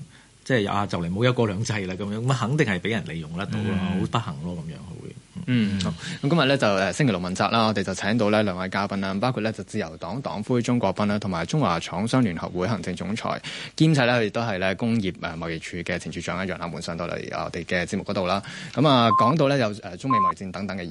[SPEAKER 6] 即係啊，就
[SPEAKER 5] 嚟冇一國兩制啦咁樣，咁肯定係俾人利用得到啦、嗯，好不幸咯咁樣，係、嗯、
[SPEAKER 4] 會。
[SPEAKER 5] 嗯，好咁今日咧就誒星期六問責啦，我哋就請到咧兩位嘉賓啦，包括咧就自由黨黨魁鍾國斌啦，同埋中華廠商聯合會行政總裁，兼且咧佢亦都係咧工業誒貿易處嘅前處長啊楊立門上到嚟我哋嘅節目嗰度啦。咁啊講到咧有誒中美貿易戰等等嘅議題。